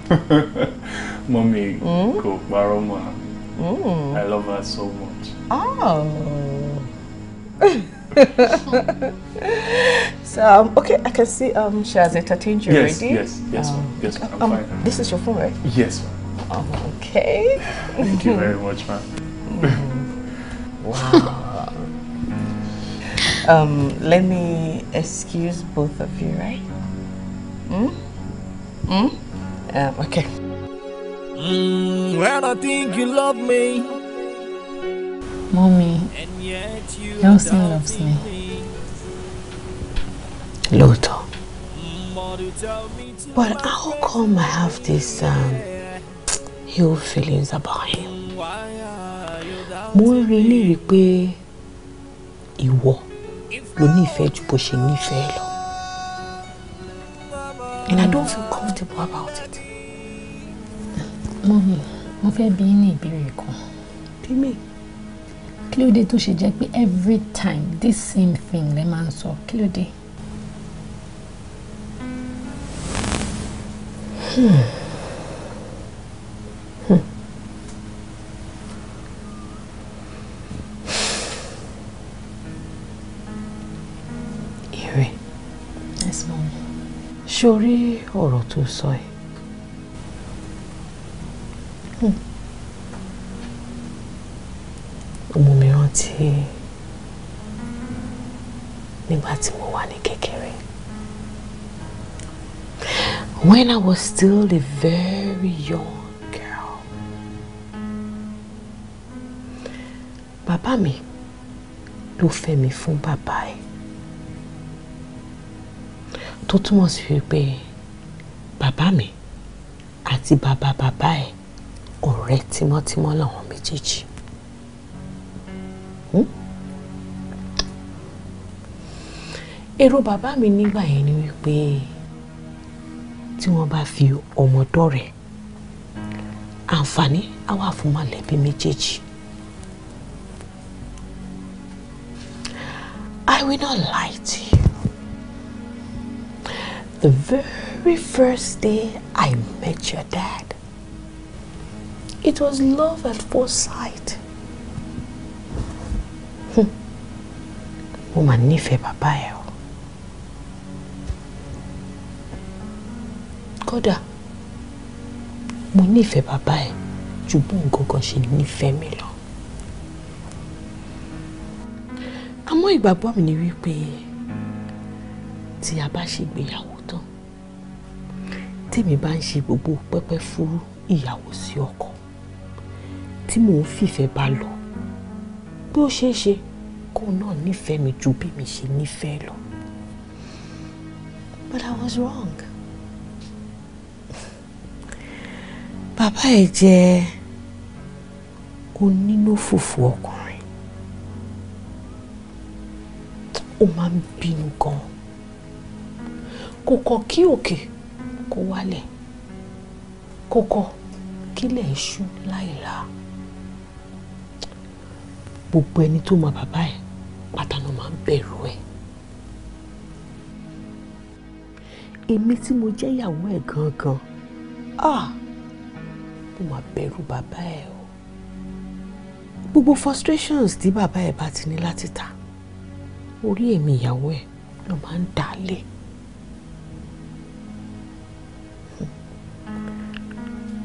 <laughs> mọ́mí hmm? kò parọ́ mọ́ hmm. i love her so much. Oh. <laughs> so um, okay, I can see um, she has entertained you yes, already. Yes, yes, um, yes, yes. I'm um, fine. This is your phone, right? Yes. Um, okay. Thank you very much, ma'am. <laughs> Wow. um, let me excuse both of you, right? Mm? Mm? Um, okay. Mm, when I think you love me. Mommy, Nelson loves me. Lóòótọ́. But how come I have this um, ill feelings about him? Mo really rí lérí pé ìwọ ló nífẹ̀ẹ́ ju bó ṣe nífẹ̀ẹ́ lọ. And I don't feel comfortable about it. Mommy, mo fẹ́ bi ní ìbéèrè kan. Bí mi kí ló dé tó ṣe jẹ́ pé every time this same thing lè máa ń sọ kí ló dé. Ire. Yes, mom. Ṣorí ọ̀rọ̀ tó sọ yìí. Hmm ó mú mi rántí nígbà tí mo wà ní kékeré. When I was still a very young girl. Bàbá mi ló fẹ́ mi fún bàbá ẹ̀ tó túmọ̀ sí wípé bàbá mi àti bàbá bàbá ẹ̀ ọ̀rẹ́ tímọ́tímọ́ làwọn méjèèjì. Hmm? èrò bàbá mi nígbà yẹn ni wípé tí wọ́n bá fi ọmọ dọ́rẹ̀ àǹfààní á wà fún mọ̀lẹ́bí méjèèjì. I will not lie to you. The very first day I met your dad, it was love at first sight. mo mà nífẹ̀ẹ́ bàbá ẹ o kódà mo nífẹ̀ẹ́ bàbá ẹ ju bí nǹkan ṣe nífẹ̀ẹ́ mi lọ àmọ́ ìgbàgbọ́ mi ni wípé tí a bá ṣègbéyàwó tán tèmi bá ń ṣe gbogbo pẹ́pẹ́ fúrú ìyàwó sí ọkọ tí mò ń fìfẹ́ bá lọ bí ó ṣeé ṣe kó náà nífẹ̀ẹ́ mi ju bí mi ṣe nífẹ̀ẹ́ lọ but I was wrong. bàbá ẹ̀ jẹ́ onínúfùfù ọkùnrin ó máa ń bínú gan-an kò kọ̀ kí òkè kó wálẹ̀ kò kọ̀ kílẹ̀ ṣú láìláà gbogbo ẹni tó mọ bàbá ẹ̀ pátá ló máa ń bẹ̀rù ẹ̀. èmi tí mo jẹ́ ìyàwó ẹ̀ gangan ah mo máa bẹ̀rù bàbá ẹ̀ o gbogbo frustrations tí bàbá ẹ̀ bá ti ní láti ta orí èmi ìyàwó ẹ̀ ló máa ń dà lé.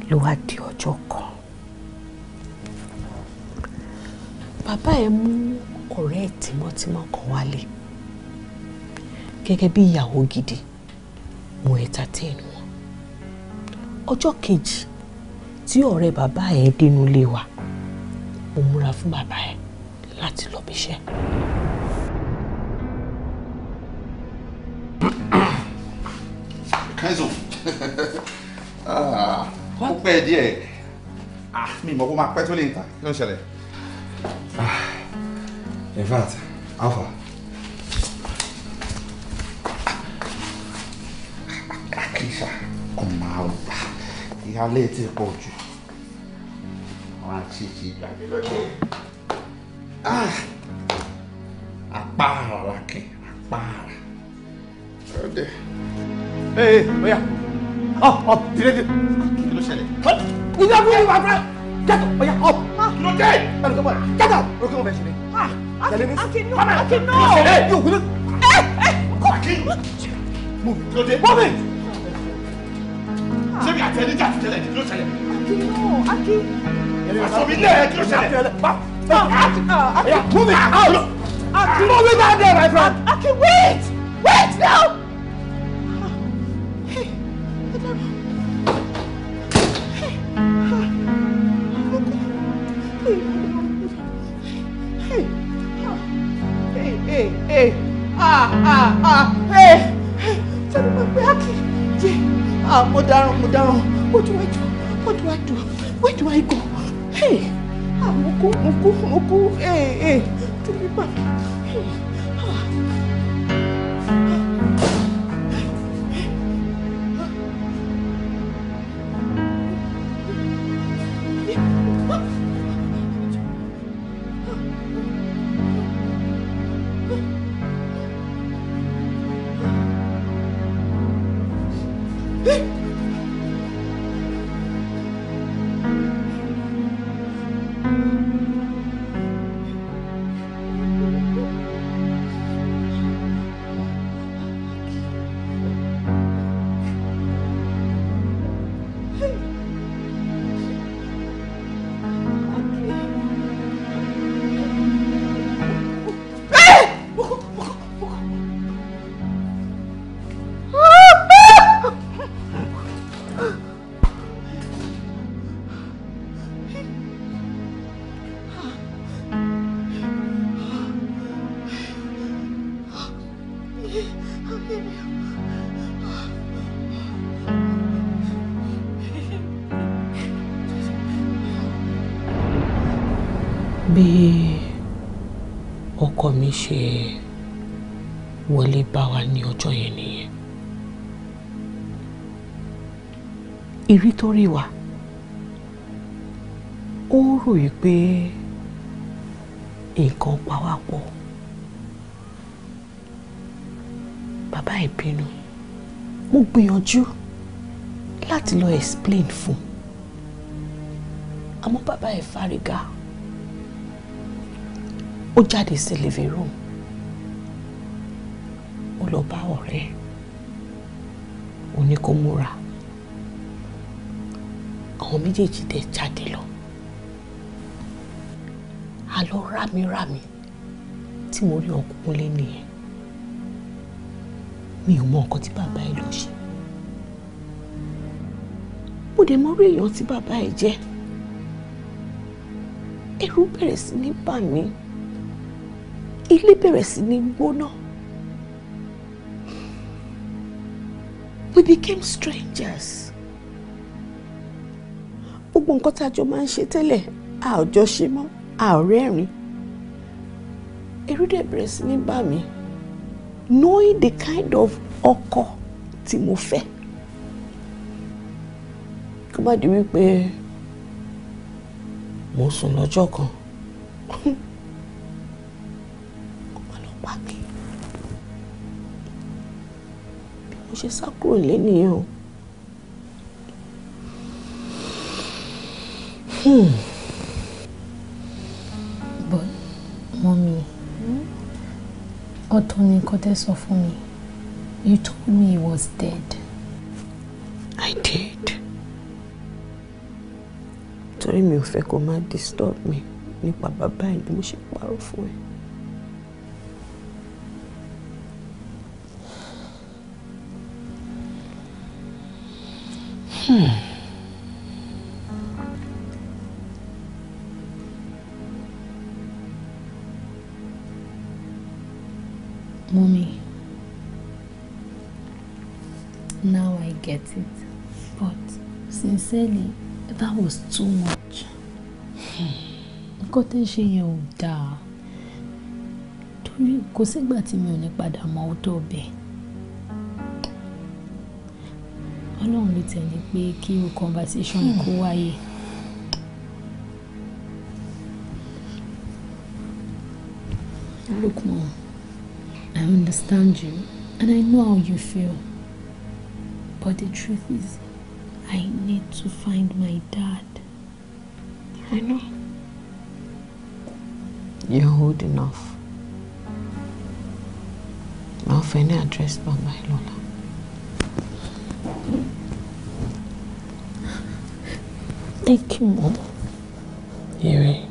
ló wá di ọjọ́ kan bàbá ẹ̀ mú ọ̀rẹ́ ẹ̀ tímọ́tímọ́ kan wálé gẹ́gẹ́ bí ìyàwó gidi mo entertain wọn ọjọ́ kejì tí ọ̀rẹ́ bàbá ẹ̀ dénú lé wa mo múra fún bàbá ẹ̀ láti lọ bí iṣẹ́. Kaizo <laughs> ah, ó pẹ́ díẹ̀ ah, mi mọ̀ kó máa pẹ́ tó lè ta kí ló ń ṣẹlẹ̀. Ah in fact alpha. akíṣà ọmọ àgbà ìyáálé ti pọ̀ jù wọn á ti ti gbàgbé lọ́jọ́ apá ara kí apá ara ọdẹ. ẹ ẹ ọyà ọ ọ tìrẹ tìrẹ kí ló ṣẹlẹ̀. ìyá mi wà fún ẹ jẹ́tọ̀ ọyà ọ. kí ló dé. jẹ́tọ̀ orúkọ wọn bẹ ṣe ni. Akin, Akin, no, Akin, no. Hey, you, will you? Hey, eh, eh. hey, come. Akin, move. Lode, move it. Ṣé mi I ẹni jà ti tẹ́lẹ̀ ní kí ló ṣẹlẹ̀? Akin, no, Akin. Àṣọ mi lẹ̀ kí ló ṣẹlẹ̀? Akin, ah, ah, ah, move it. Akin, move it out there, my friend. Akin, wait, wait now. bí ọkọ mi ṣe wọlé bá wa ní ọjọ́ yẹn nìyẹn ìrí tó rí wa ó rò yí pé nǹkan pa wá pọ̀ bàbá ìbínú mo gbìyànjú láti lọ explain fún un àmọ́ bàbá ẹ̀ fárígá. E ó jáde sí living room ó lọ bá ọ̀rẹ́ ó ní kó múra àwọn méjèèjì dẹ̀ jáde lọ àlọ́ rámírámí tí mo rí ọkùnrin lé nìyẹn mi ò mọ nǹkan tí bàbá ẹ lọ ṣe mo dẹ̀ mọ orí èèyàn tí bàbá ẹ jẹ́ ẹ̀rù bẹ̀rẹ̀ sí ní bà mí ilé bẹ̀rẹ̀ sí ní gbóná. we became strangers. gbogbo nǹkan tá a jọ máa ń ṣe tẹ́lẹ̀ a ò jọ ṣe mọ́ a ò rẹ́rìn. ẹ̀rù dẹ̀ bẹ̀rẹ̀ sí ní bà mí knowing the kind of ọkọ tí mo fẹ́. kó má di wípé mo sùn lọ́jọ́ kan. <laughs> ṣe sá kúrò nílé nìyẹn o. bọ́ mọ́ mi ọ̀tọ̀ ni nǹkan tẹ́ sọ fún mi you told me he was dead. I did. torí mi ò fẹ́ kó má disturb mi nípa bàbá ẹ̀ ni mo ṣe parọ́ fún ẹ. Hmm. Mommy, now I get it. But sincerely, that was too much. Nǹkan tẹ́ ṣe yẹn ò dáa. Torí kò sígbà tí mi ò ní padà mọ ọ̀dọ̀ bẹ́ẹ̀. ọlọ́run ló tẹ̀lé pé kí o conversation kó wáyé. Mom, I understand you and I know how you feel. But the truth is, I need to find my dad. I know. You're old enough. I'll finally address Baba Lola. Thank you, Mom. Yuri.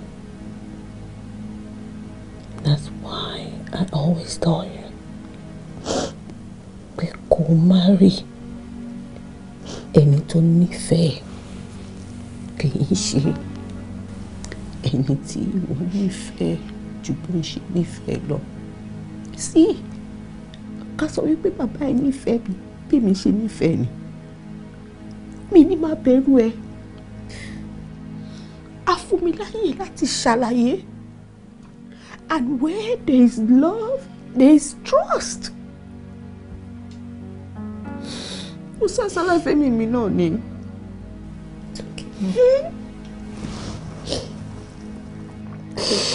That's why I always told you. Pé kó marry ẹni tó nífẹ̀ẹ́ kì í ṣe ẹni tí ò nífẹ̀ẹ́ ju bó ń ṣe nífẹ̀ẹ́ lọ. Sí ká sọ wípé bàbá ẹ nífẹ̀ẹ́ mi bí mi ṣe nífẹ̀ẹ́ ni mi ní má bẹ̀rù ẹ. láti ṣàlàyé and where there is love there is trust. mo sá sáláfẹ́mi mi náà ni.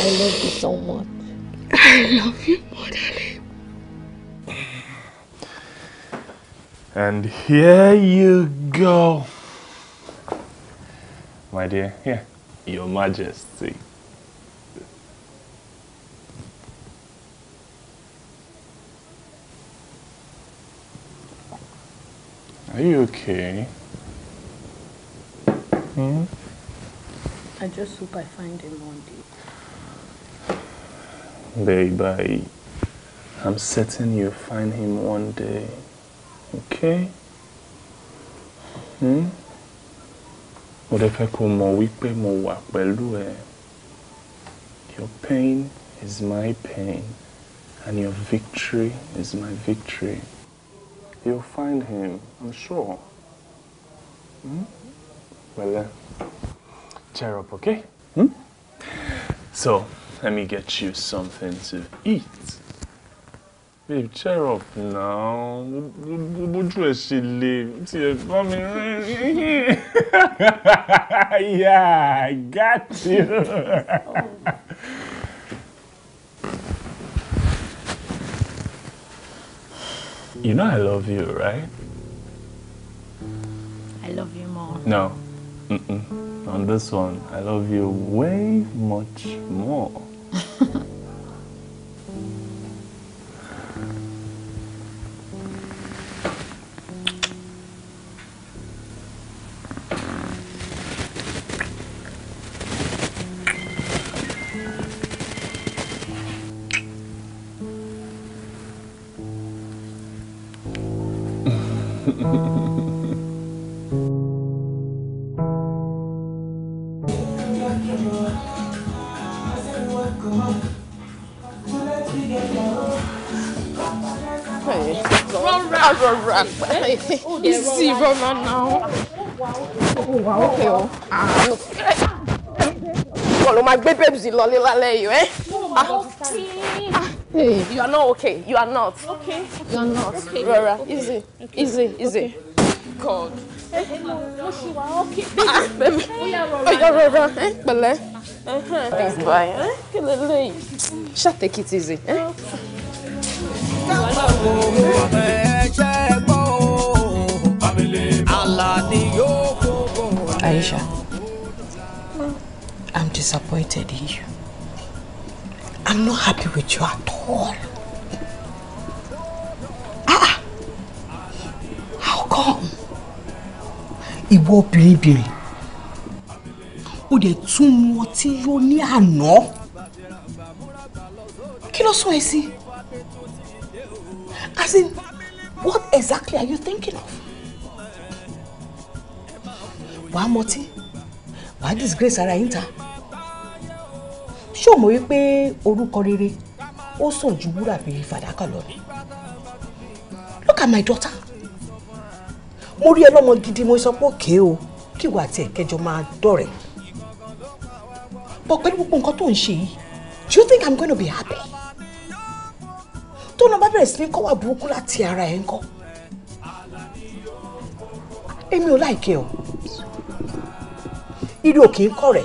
I love you so much. I love you more, darling. And here you go. My dear, here. Your Majesty. Are you okay? Hmm? I just hope I find him one day. Babe, I, I'm certain you'll find him one day. Okay? Hmm? mo dẹ̀ fẹ́ kó mọ̀ wípé mo wà pẹ̀lú ẹ your pain is my pain and your victory is my victory you'll find him i'm sure hmm? well uh, cheer up okay hmm? so let me get you something to eat babe cheer up now bójú ẹ ṣe lè tí ẹ bá mi rìn <laughs> yeah I got you. you know I love you right. I love you more. No, mm -mm. on this one I love you way much more. Easy, Siva man now. wow, okay. Oh. Ah, okay. Wọ́n ló lolly, lolly, bébùsì lọlé lálẹ́ yìí, ẹ́. Eh? Ah. You are not okay. You are not. Okay. You are not. Okay. Rọra, okay. easy, okay. easy, easy. Okay. God. Oya rọra, ẹ pẹ̀lẹ́. Thanks, uh-huh. bye. Eh? Kí lè léyìí? Ṣá take it easy. eh? Aisha, I'm disappointed in you. I'm not happy with you at all. Ah, how come? Ìwọ obìnrin bìnrin, ó dẹ̀ tún mu ọtí yó ní àná. Kí ló sún ẹ sí? As in, what exactly are you thinking of? wàá mọtí wàá disgrace ara yín ta ṣó mọ̀ wípé orúkọ rere ó sàn ju wúrà bíi fàdákà lọ ni look at my daughter mo rí ẹ lọ́mọ gidi mo sọ pé òkè o kí wàá tiẹ̀ kẹjọ máa dọ̀rẹ́ bọ̀ pẹ̀lú gbogbo nǹkan tó ń ṣe yìí do you think i'm gonna be happy tó náà bá bẹ̀rẹ̀ sí ní kọ́ wà burúkú láti ara ẹ̀ ń kọ́ èmi ò láìkẹ́ o irú òkè ń kọ̀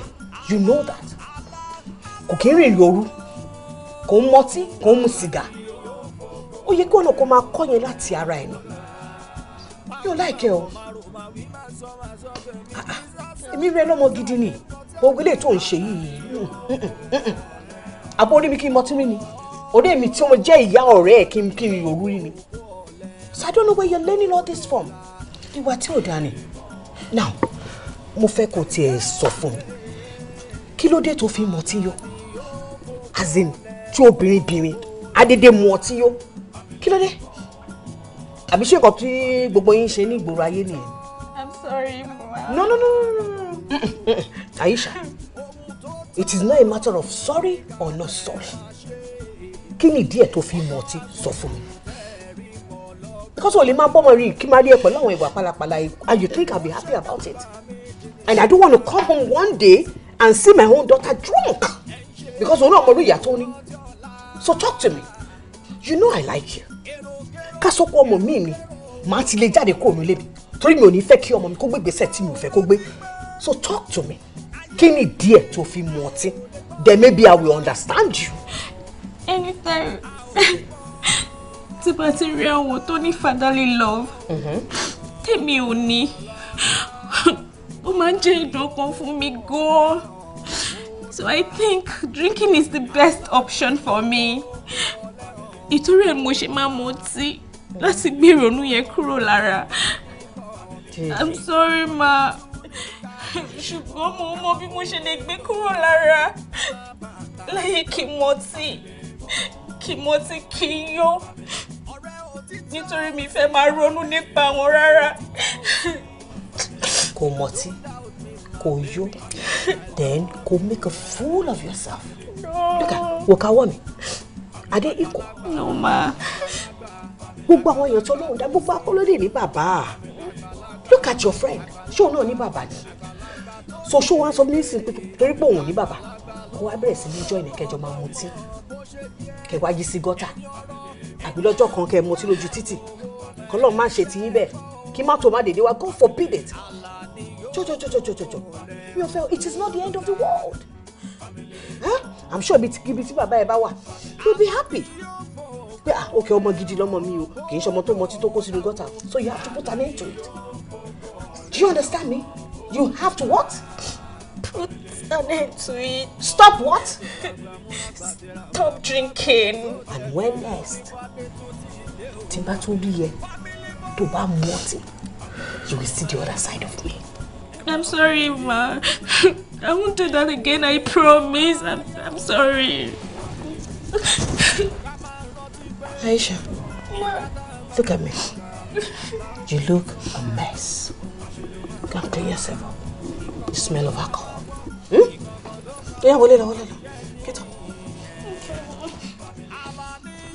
you know that kò kí ń rìn lóru kò ń mọtí kò ń mu sìgá ó yẹ kí ọ̀nà kò máa kọ́ yẹn láti ara ẹ̀ nà yóò láìkẹ́ o ah, ah. èmi rẹ lọ́mọ gidi ni gbogbo ilé tó ń ṣe yìí mm, mm, mm, àbó orí mi kí n mọtí rí ni orí mi tí wọ́n jẹ́ ìyá ọ̀rẹ́ ẹ̀ kí n kí n rìn ni so I don't know where you're learning all this from ìwà tí ò dá now mo fẹ́ kó tiẹ̀ sọ fún mi kí ló dé tó fi mọ ọtí yó as tí obìnrin bìnrin adédè mu ọtí yó kí ló dé àbí ṣé nǹkan tí gbogbo yín ṣe ní ìgboro ayé nìyẹn. i'm sorry mama. no no no no no Aisha it is not a matter of sorry or not sorry kí ni ìdí ẹ̀ tó fi mọ ọtí sọ fún mi because o lè máa bọ́mọ rí kí máa rí ẹ pẹ̀lú àwọn ìwà pálapàla and you think i'll be happy about it and I don't want to come home one day and see my own daughter drunk because òun náà mọ̀ lóye àtọ́ ni so talk to me you know I like you ká sọ pé mi ni ti lè jáde kó mi lébi torí mi ò ní fẹ́ kí ọmọ mi kó gbé ìgbésẹ̀ tí mi ò fẹ́ kó gbé so talk to me kí ni díẹ̀ tó fi mu ọtí then maybe I will understand you. anytime <laughs> tí bá ti rí àwọn tó ní fatherly love mm-hmm. tèmi ò ní ó máa ń jẹ́ ìdọ̀kan fún mi gan-an so I think drinking is the best option for me ìtorí ẹ̀ mo ṣe máa mọtí láti gbé ìrònú yẹn kúrò lára I'm sorry ma ṣùgbọ́n mo mọ bí mo ṣe lè gbé kúrò lára láyé kí n mọtí kí n mọtí kí n yó nítorí mi fẹ́ máa ronú nípa wọn rárá kò mọtí kò yó then kò make a fool of yourself. look at wò ká wọ̀ mí adé ikọ̀. no ma. gbogbo àwọn èèyàn tó lóhùn dá gbogbo akọ́lódé ní bàbá look at your friend ṣóun náà ní bàbá ni so ṣóun wá sọ nísìnyí pé torí pé òun ní bàbá kó wá bẹ̀rẹ̀ sí ní jọ́ ìnìkẹjọ máa mutí kẹ wá yí sí gọ́tà àbí lọ́jọ́ kan kẹ mutí lójú títì kọ́lọ́ má ṣe ti yín bẹ́ẹ̀ kí mọ́tò má dédé wá God forbid it jọjọjọjọjọjọ mi ò fẹ́ it is not the end of the world huh? i'm sure ibi tí ibi tí bàbá ẹ bá wà will be happy Yeah. Okay, ok ọmọ gidi lọmọ mi o kì í ṣe ọmọ tó so you have to put an end to it do you understand me you have to what. put an end to it. stop what. stop drinking. and when next tí n bá tún rí you will see the other side of me. I'm sorry, Ma. I won't do that again, I promise. I'm, I'm sorry. Aisha, Ma. look at me. You look a mess. Come clean yourself up. You smell of alcohol. Hmm? Yeah, hold it, hold it. Get up.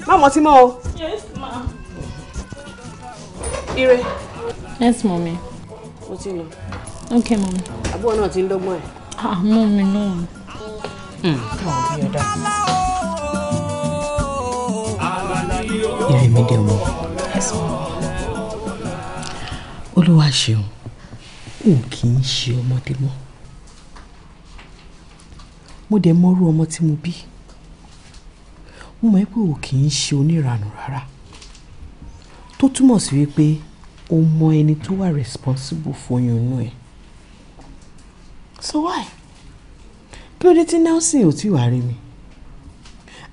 Má mọ̀ tí mọ́ o. Yes, ma. Ire. Yes, mommy. What's ti lọ. Okay, mom. Àbúrò náà ti ń dọ́gbọ́n ẹ̀. Àmọ́ mi náà. Ìrèmídé ọmọ. Olúwa ṣeun, ò kì í ṣe ọmọdé mọ́. Mo dẹ̀ mọ́rú ọmọ tí mo bí. Mo mọ̀ pé ò kì í ṣe oníranù rárá. Tó túmọ̀ sí wípé o mọ ẹni tó wà responsible fún oyún inú ẹ̀ so why bí ó dé tí Nelson ò tí wàá rí mi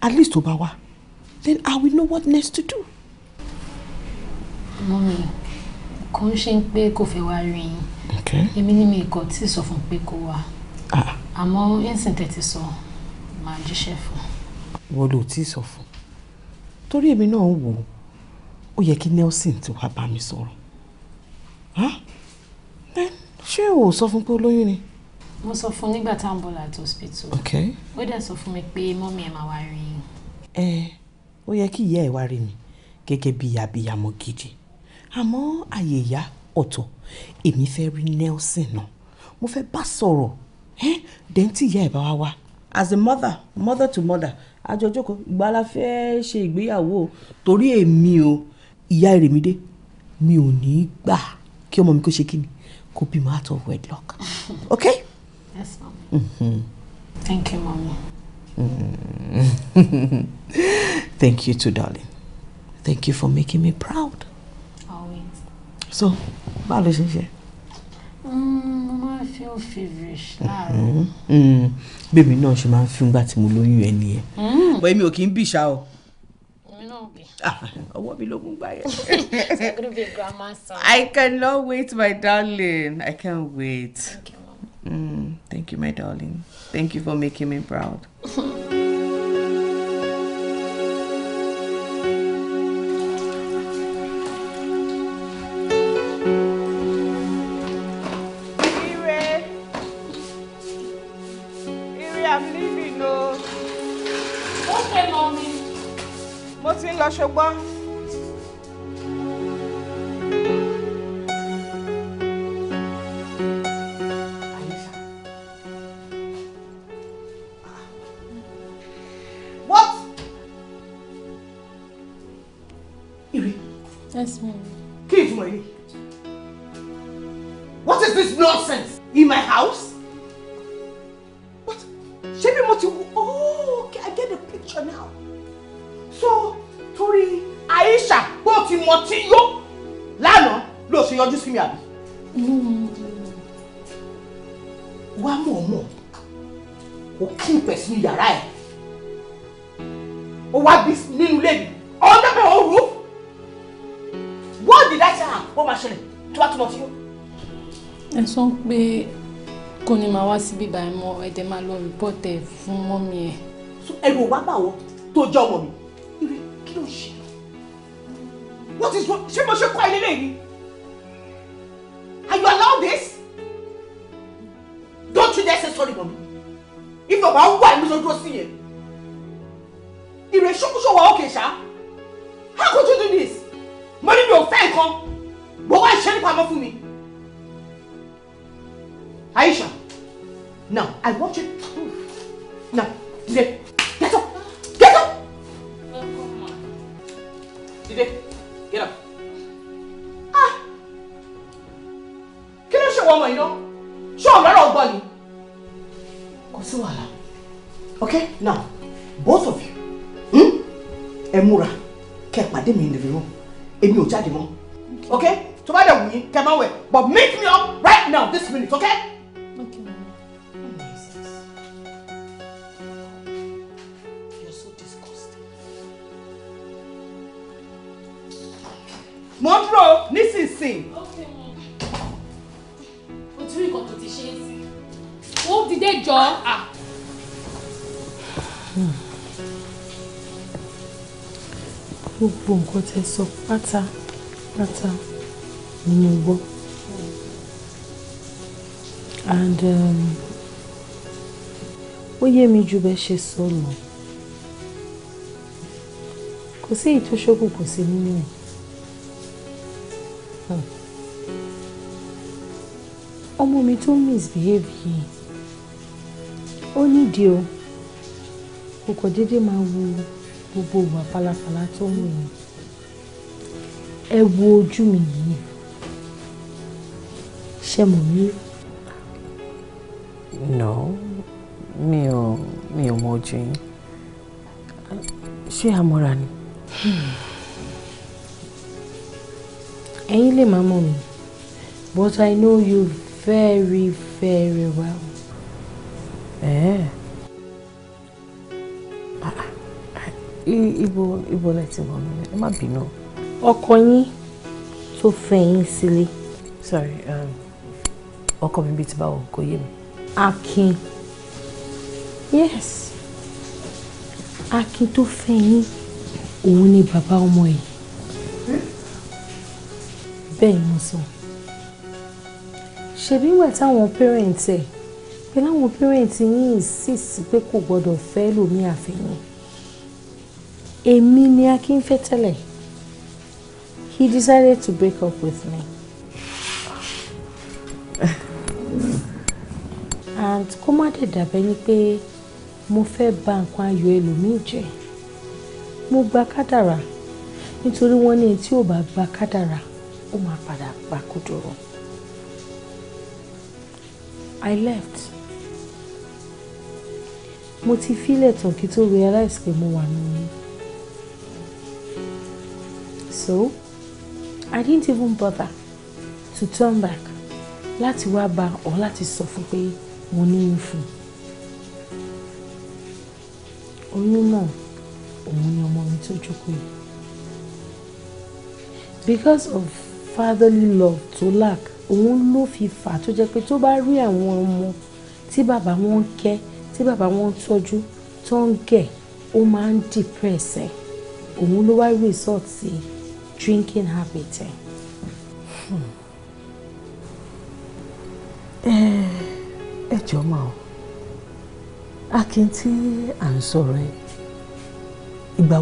at least tó bá wá then I will know what next to do. mọ́mi kò ń ṣe pé kò fẹ́ wá rí yín èmi ni mi kò tí ì sọ fún pé kó wá ah. àmọ́ ẹ̀sìn tẹ̀tí sọ màá jíṣẹ́ fún. wọ́n ló tí ì sọ fún torí èmi náà ń wò ó ó yẹ kí Nelson ti wá bá mi sọ̀rọ̀ ah. ṣé o sọ fún pé olóyún ni mo sọ fún nígbà tá à ń bọ̀ láti hospital. ok ó dẹ̀ sọ fún mi pé mọ́mí ẹ̀ máa wá rí i. ẹ ó yẹ kí ìyá ẹ wá rí mi gẹ́gẹ́ bí abiyamọ gidi àmọ́ àyè ìyá ọ̀tọ̀ èmi fẹ́ rí Nelson náà mo fẹ́ bá sọ̀rọ̀ ẹ́ dẹ́ntì ìyá ẹ̀ bá wá wá. as a mother mother to mother àjọjókòó ìgbà la fẹ́ ṣe ìgbéyàwó torí èmi o ìyá Èrèmídé mi ò ní í gbà kí ọmọ mi kó ṣe kí ni kó bímọ out of wedlock okay. Mm-hmm. Thank you, Mommy. Mm. <laughs> Thank you too, darling. Thank you for making me proud. Always. So, what is it here? ṣe? I feel feverish láàárọ̀. Hmm. náà ṣe máa ń fi ngbà tí mo lóyún ẹ nìyẹn. Mm. Bọ́ èmi ò kì í bì ṣá o. Èmi náà bì. Ah, ọwọ́ mi ló mú gbà <laughs> a good son. I cannot wait, my darling. I can't wait. Thank you. Mm, thank you, my darling. Thank you for making me proud. ṣùgbọ́n my house? What? Ṣebí Moti. Oh, okay, I get the picture now. So, Tori, Aisha bó ti mọ tí no, lánàá ló ṣe me. sí mi more? Mm. Wá mọ̀ọ́mọ̀, kò kí n pẹ̀ sínú yàrá ẹ̀. Ó Under my own roof. What did I tell her? Ah, ó máa ṣẹlẹ̀ tó bá tún mọ tí kò ní máa wá síbí báyìí mọ́ ẹ̀dẹ̀ máa lọ rìpọ́tẹ̀ fún mọ́mí ẹ̀. ẹ̀rù ò bá bà wọ́n tó jọ ọmọ mi ire kí ló ṣe lọ wọ́n ti sọ ṣé mo ṣe kọ́ ilé lẹ́yìn I want you nǹkan tẹ́ sọ pátápátá ni mo gbọ́ and um, ó yé mi ju bẹ́ẹ̀ ṣe sọ lọ kò sí èyí tó ṣókù kò sí nínú ẹ̀ hmm. ọmọ mi tó misbehave yìí ó nídìí o kò kọ̀ déédéé máa wo gbogbo ìwà pálapàla tó ń wù yìí ẹ wo ojú mi yìí ṣe mọ̀ mí. no mi ò mi ò mọ ojú yín ṣé àmọ́ra ni. Hmm. ẹ̀yin lè máa mọ̀ mí but I know you very very well. Eh. ibo ibo lẹ ti wọ̀ mí ẹ má bínú ọkọ yín tó fẹ́ yín sílé. sorry um, ọkọ mi bíi ti báwo kò yé mi. akin yes akin tó fẹ́ yín òun ni bàbá ọmọ yìí bẹ́ẹ̀ mo sọ ṣebí wẹ̀ táwọn parent ẹ̀ pé láwọn parent yín insist pé kò gbọ́dọ̀ fẹ́ lómi àfihàn èmi ni akin fẹ́ tẹ́lẹ̀ he decided to break up with me. and kó má dẹ̀ dàbẹ́ ni pé mo fẹ́ bà nǹkan ayọ̀ ẹlòmíì jẹ́ mo gba kádàrà nítorí wọ́n ní tí ò bá gba kádàrà ó máa padà pa kúdùrú. I left mo ti fílẹ̀ tán kí tó realize pé mo wà nínú. so I didn't even bother to turn back láti wá bá ọ láti sọ fún pé mo ní fún oyún náà òun ni ọmọ mi tó jókòó yìí because of fatherly love tó lack òun ló fi fà tó jẹ́ pé tó bá rí àwọn ọmọ tí bàbá wọn ń kẹ́ tí bàbá wọn ń tọ́jú tó ń gẹ̀ ó máa ń depress ẹ̀ òun ló wá resort sí drinking habit Eh, hmm. eh ẹ jọ máa ọ akin tí à ń sọ̀rọ̀ ẹ ìgbà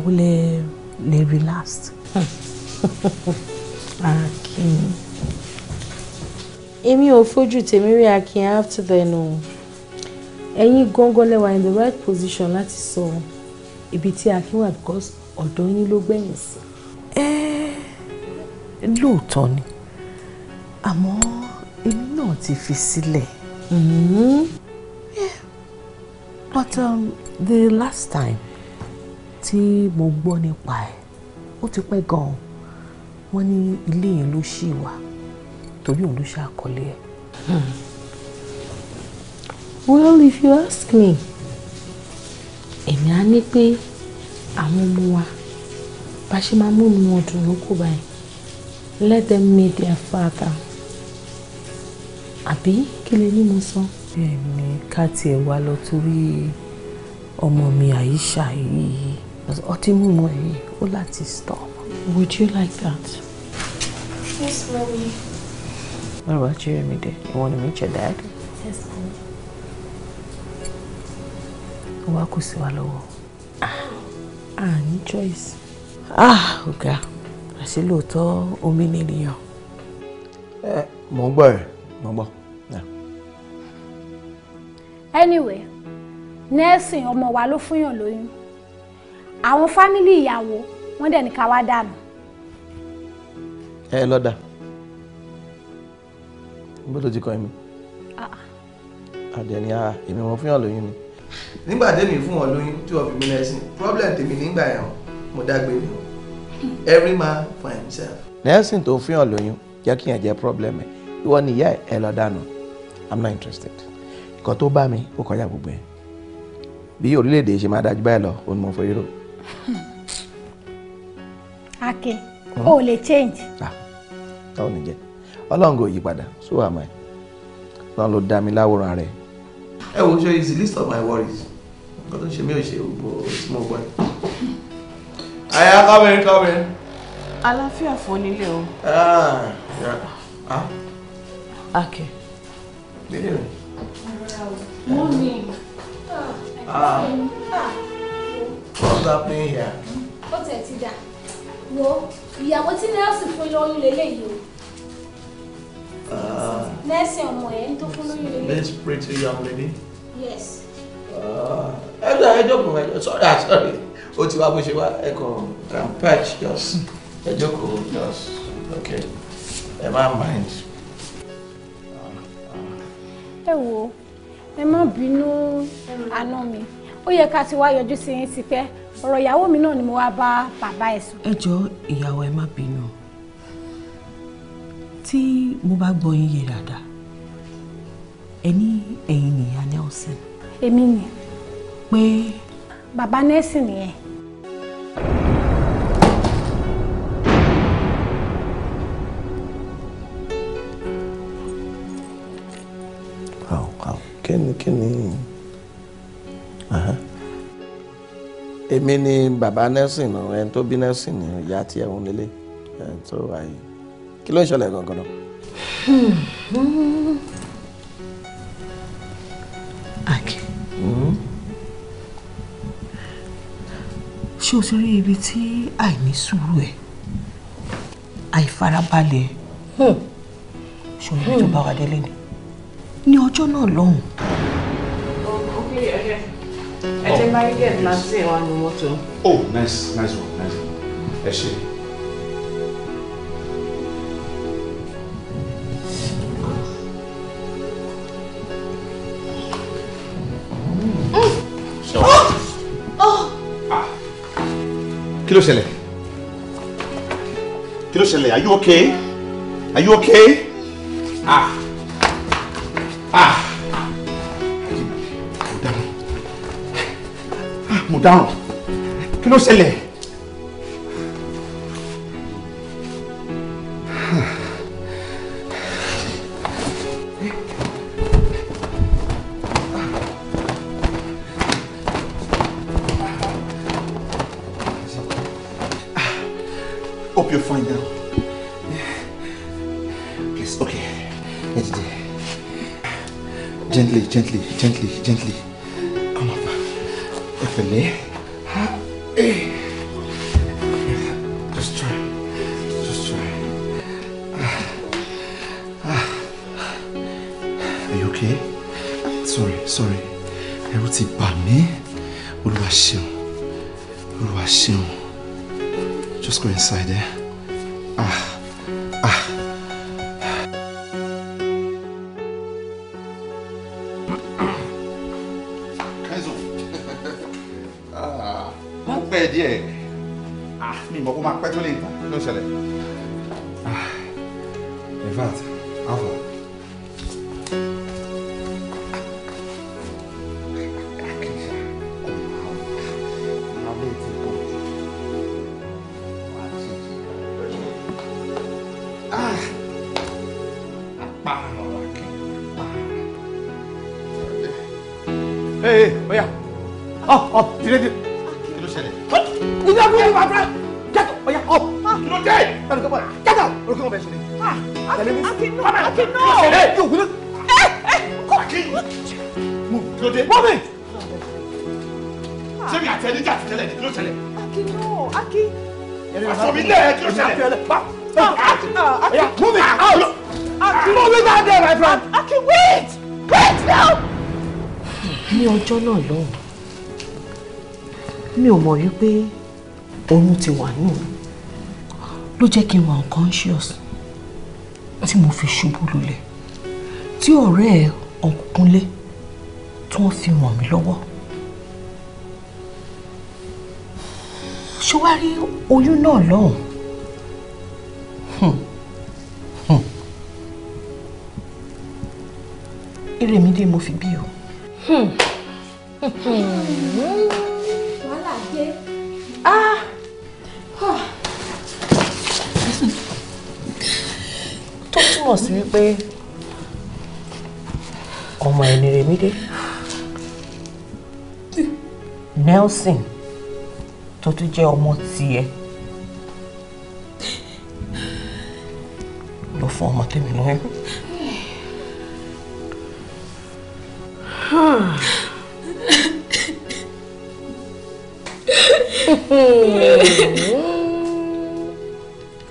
last. <laughs> akin Emi ò fojú tèmi rí akin after then no. ẹ̀yin gongo lẹ wà in the right position láti so. ibi tí akin wa because ọ̀dọ̀ yín ló gbẹ̀yìn sí lóòótọ́ ni àmọ́ èmi náà ti fi sílẹ̀. Mm-hmm. but um, the last time tí mo gbọ́ nípa ẹ̀ ó ti pẹ́ gan-an wọ́n ní ilé yẹn ló ṣì wà torí òun ló ṣe ẹ̀. Hmm. well if you ask me èmi á ní pé àwọn ọmọ wa bá ṣe máa mú mi wọn dùn ló kó báyìí let them meet their father àbí kí lè ní mo sọ. ẹ̀mí ká tiẹ̀ wá lọ torí ọmọ mi àyíṣà yìí ọtí mímu yìí ó láti stop. would you like that. yes mommy. what about you Emide you wanna meet your dad. yes mommy. ó wá kù sí wa lọ́wọ́. ah ah ní choice. ah ọ̀gá. Okay àṣé lóòótọ́ omi nìyàn. ẹ mò ń gbọ́ ẹ mò ń gbọ́. anyway nẹ́ẹ̀sì ọmọ wa ló fúnyàn lóyún àwọn fámìlì ìyàwó wọ́n dẹ̀ ní ká wá dànù. ẹ lọ́dà níbo ló ti kọ́ ẹ̀mí. àdẹ̀ni ah. ara ah, èmi wọn fúnyàn lóyún ni. nígbà tẹ́mi fún wọn lóyún tí wọ́n fi mí lẹ́sìn problem tèmi nígbà yẹn mo dágbére o every man for himself. Nelson tó fi hàn lóyún jẹ́ kí yẹn jẹ́ problem ìwọ ni ìyá ẹ lọ dànù i'm not interested nǹkan tó bá mi ó kọjá gbogbo ẹ̀ bí orílẹ̀-èdè ṣe máa dájú báyìí lọ òun mo forí rò. Akin o lè change. táwọn ah, ò ní jẹ ọlọ́run kò yí padà so am I náà ló dá mi láwòrán rẹ. ẹ wo ṣe is the list of my worries nǹkan tó ń ṣe mí ò ṣe gbogbo tí mo Aya come Àyà kọ́bìnrin kọ́bìnrin. Aláfíà fún nílé o. Akẹ́. Délé rẹ̀. Ah. What's happening here? Ó tẹ̀ ti dà. Wo ìyàwó tí Nelson fún lóyún lélẹ́yìí o. Ah. Nelson ọmọ ẹ̀ ń tó fún lóyún lélẹ́yìí. This pretty young lady. Yes. Ah. Ẹ gbà ẹ jókòó ẹ jókòó sorry ah, sorry ó ti wá bó ṣe wá ẹ kàn rampage just ẹ jókòó just okay ẹ má mind. ẹ wo ẹ má bínú àná mi ó yẹ ká ti wá yọjú sí yín tipẹ́ ọ̀rọ̀ ìyàwó mi náà ni mo wá bá bàbá ẹ̀ sùn. ẹ jọ̀ọ́ ìyàwó ẹ má bínú tí mo bá gbọ́ yín yé dáadáa ẹ ní ẹ̀yin nìyá Nelson. èmi ni. pé. bàbá Nelson nìyẹn kíni kíni èmi ni bàbá nẹ́sìn náà ẹni tó bí nẹ́sìn ni ìyá tí ẹ̀hún nílé ẹni tó wáyé kí ló ń ṣẹlẹ̀ gangan náà. Hmm. ṣé o ti rí ibi tí àìní sùúrù ẹ̀ àìfarabalẹ̀ hmm. ṣòro tó hmm. bá wa délé ni ní ọjọ́ náà lọ́hùn. ẹ jẹ́ bá rí láti ṣe ìwà ní mọ́tò. oh nice nice one nice one ẹ ṣe. Kilo, ló Kilo, kí are you okay are you okay ah ah mo dáhùn ah mo dáhùn kí ẹ gently gently gently gently come up ẹ pẹ̀lẹ́ just try just try ah. are you okay sorry sorry ẹ̀rù ti bà mí olúwa ṣeun olúwa ṣeun just go inside there. Eh? mọ̀ wípé oyún ti wà nù ló jẹ́ kí n wà unconscious tí mo fi ṣubú lulẹ̀ tí ọ̀rẹ́ ẹ̀ ọ̀kúnlé tí wọ́n fi ràn mí lọ́wọ́. ṣé wàá rí oyún náà lọ́hùn-ún Nelson tó tún jẹ́ ọmọ tiẹ̀ lọ fún ọmọ tèmi lóyún.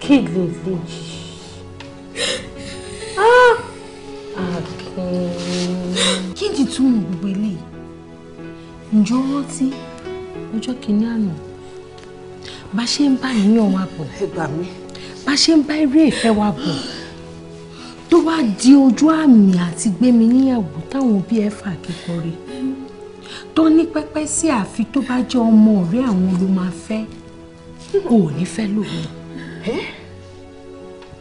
kí lè lè yìí. Ah! kí ni túmọ̀ gbogbo eléyìí ǹjọ́ rántí ṣe ń bá ìyàn wa bọ̀ bá ṣe ń bá eré ìfẹ́ wa bọ̀ tó wá di ojú àmì àti gbémi níyàwó táwọn òbí ẹ fà kékeré tó ní pẹ́pẹ́ sí àfi tó bá jẹ́ ọmọ ọ̀rẹ́ àwọn ló máa fẹ́ o ò ní fẹ́ lóòrùn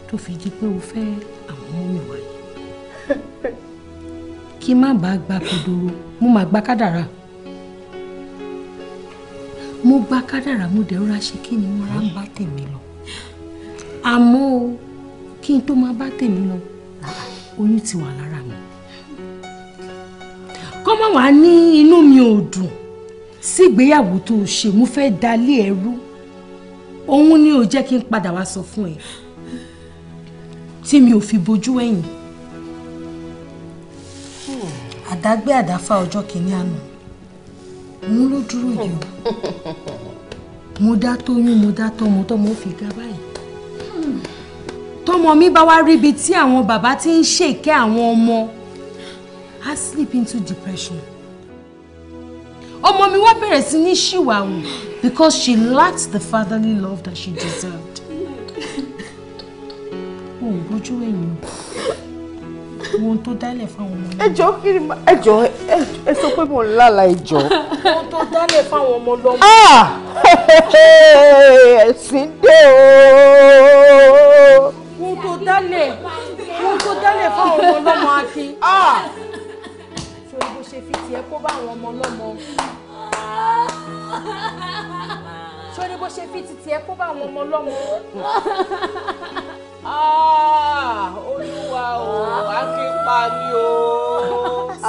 tó fi di pé o fẹ́ àwọn ọmọ wa yìí kí má bàa gba kodoro mo máa gba kádàrá mo gba kádàrá mo dẹ̀ rọra ṣe kí ni mo rà ń bá tèmi lọ àmọ́ o kí n tó máa bá tèmi lọ oyún ti wà lára mi kọ́ mọ̀ wá ní inú mi ò dùn sígbéyàwó tó o ṣe mo fẹ́ dalé ẹrú òun ni ò jẹ́ kí n padà wá sọ fún ẹ tí mi ò fi bojú ẹ̀yìn àdágbé àdáfà ọjọ́ kìíní àná òun ló dúró jù mo dá tóyún mo dá tọmọ tọmọ fi ga báyìí tọmọ mi bá wá ríbi tí àwọn bàbá ti ń ṣèké àwọn ọmọ á slip into depression ọmọ mi wá bẹ̀rẹ̀ sí ní ṣìwàwù because she lacked the fatherly love that she deserved. òun bójú ẹ̀yìn ohun tó dálẹ̀ fáwọn ọmọ lọ́mọ. ẹjọ́ kí ni ẹjọ́ ẹ sọ pé mo ń lála ohun tó dálẹ̀ fáwọn ọmọ lọ́mọ. Ah! <laughs> ẹ̀sìn dé o. ohun tó dálẹ̀ ohun tó dálẹ̀ fáwọn ọmọ lọ́mọ akin. ṣòro ah! bó ṣe fi tiẹ̀ kó bá àwọn ọmọ lọ́mọ sórí bó ṣe fi titi ẹ kó bá àwọn ọmọ lọ́mọ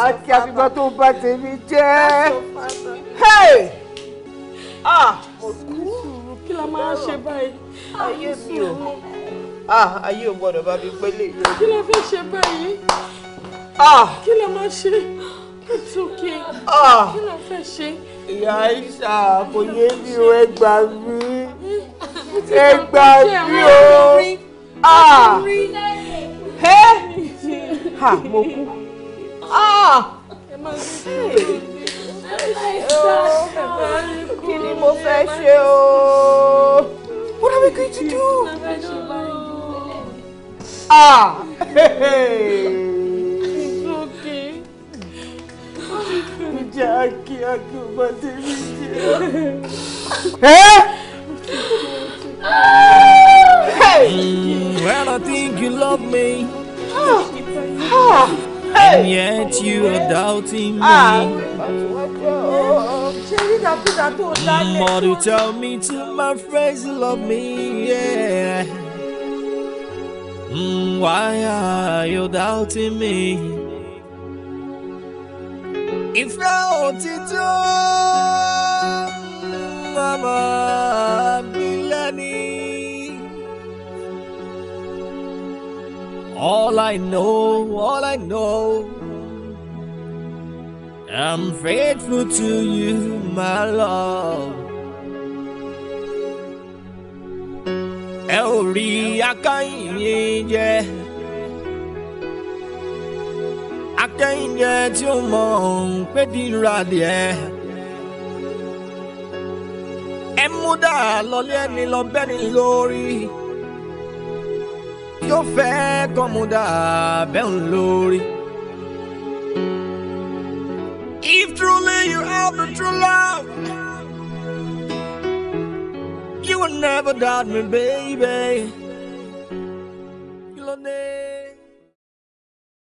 àti àfìgbà tó bá tèmi jẹ́. Ah! kí la máa ṣe báyìí. ayé mi ah, ò ayé bá mi pélé. kí la fẹ́ ṣe báyìí. Ah! kí la máa ṣe it's okay. kí la fẹ́ ṣe. ìyá Aisha kò yé mi o ẹ gbà mí ẹ gbà mí o. Ah! Ha! Mo kú kí ni mo fẹ́ ṣe o what are we going to do. ah it's okay. ǹjẹ́ akí akí ò bá Hey! Well, I think you love me. Oh. Oh. And yet you are doubting me. Ah! More to tell me to my friends love me, yeah. Mm, why are you doubting me? If I want to do, Mama, All I know, all I know, I'm faithful to you, my love. Ẹ ò rí akẹ́yìn jẹ, akẹ́yìn jẹ tí ó mọ̀ ń pé dìrà díẹ̀. Ẹ mú dà lọ́lé ẹni lọ bẹ́ni lórí. If truly you have the true love, you will never doubt me, baby. You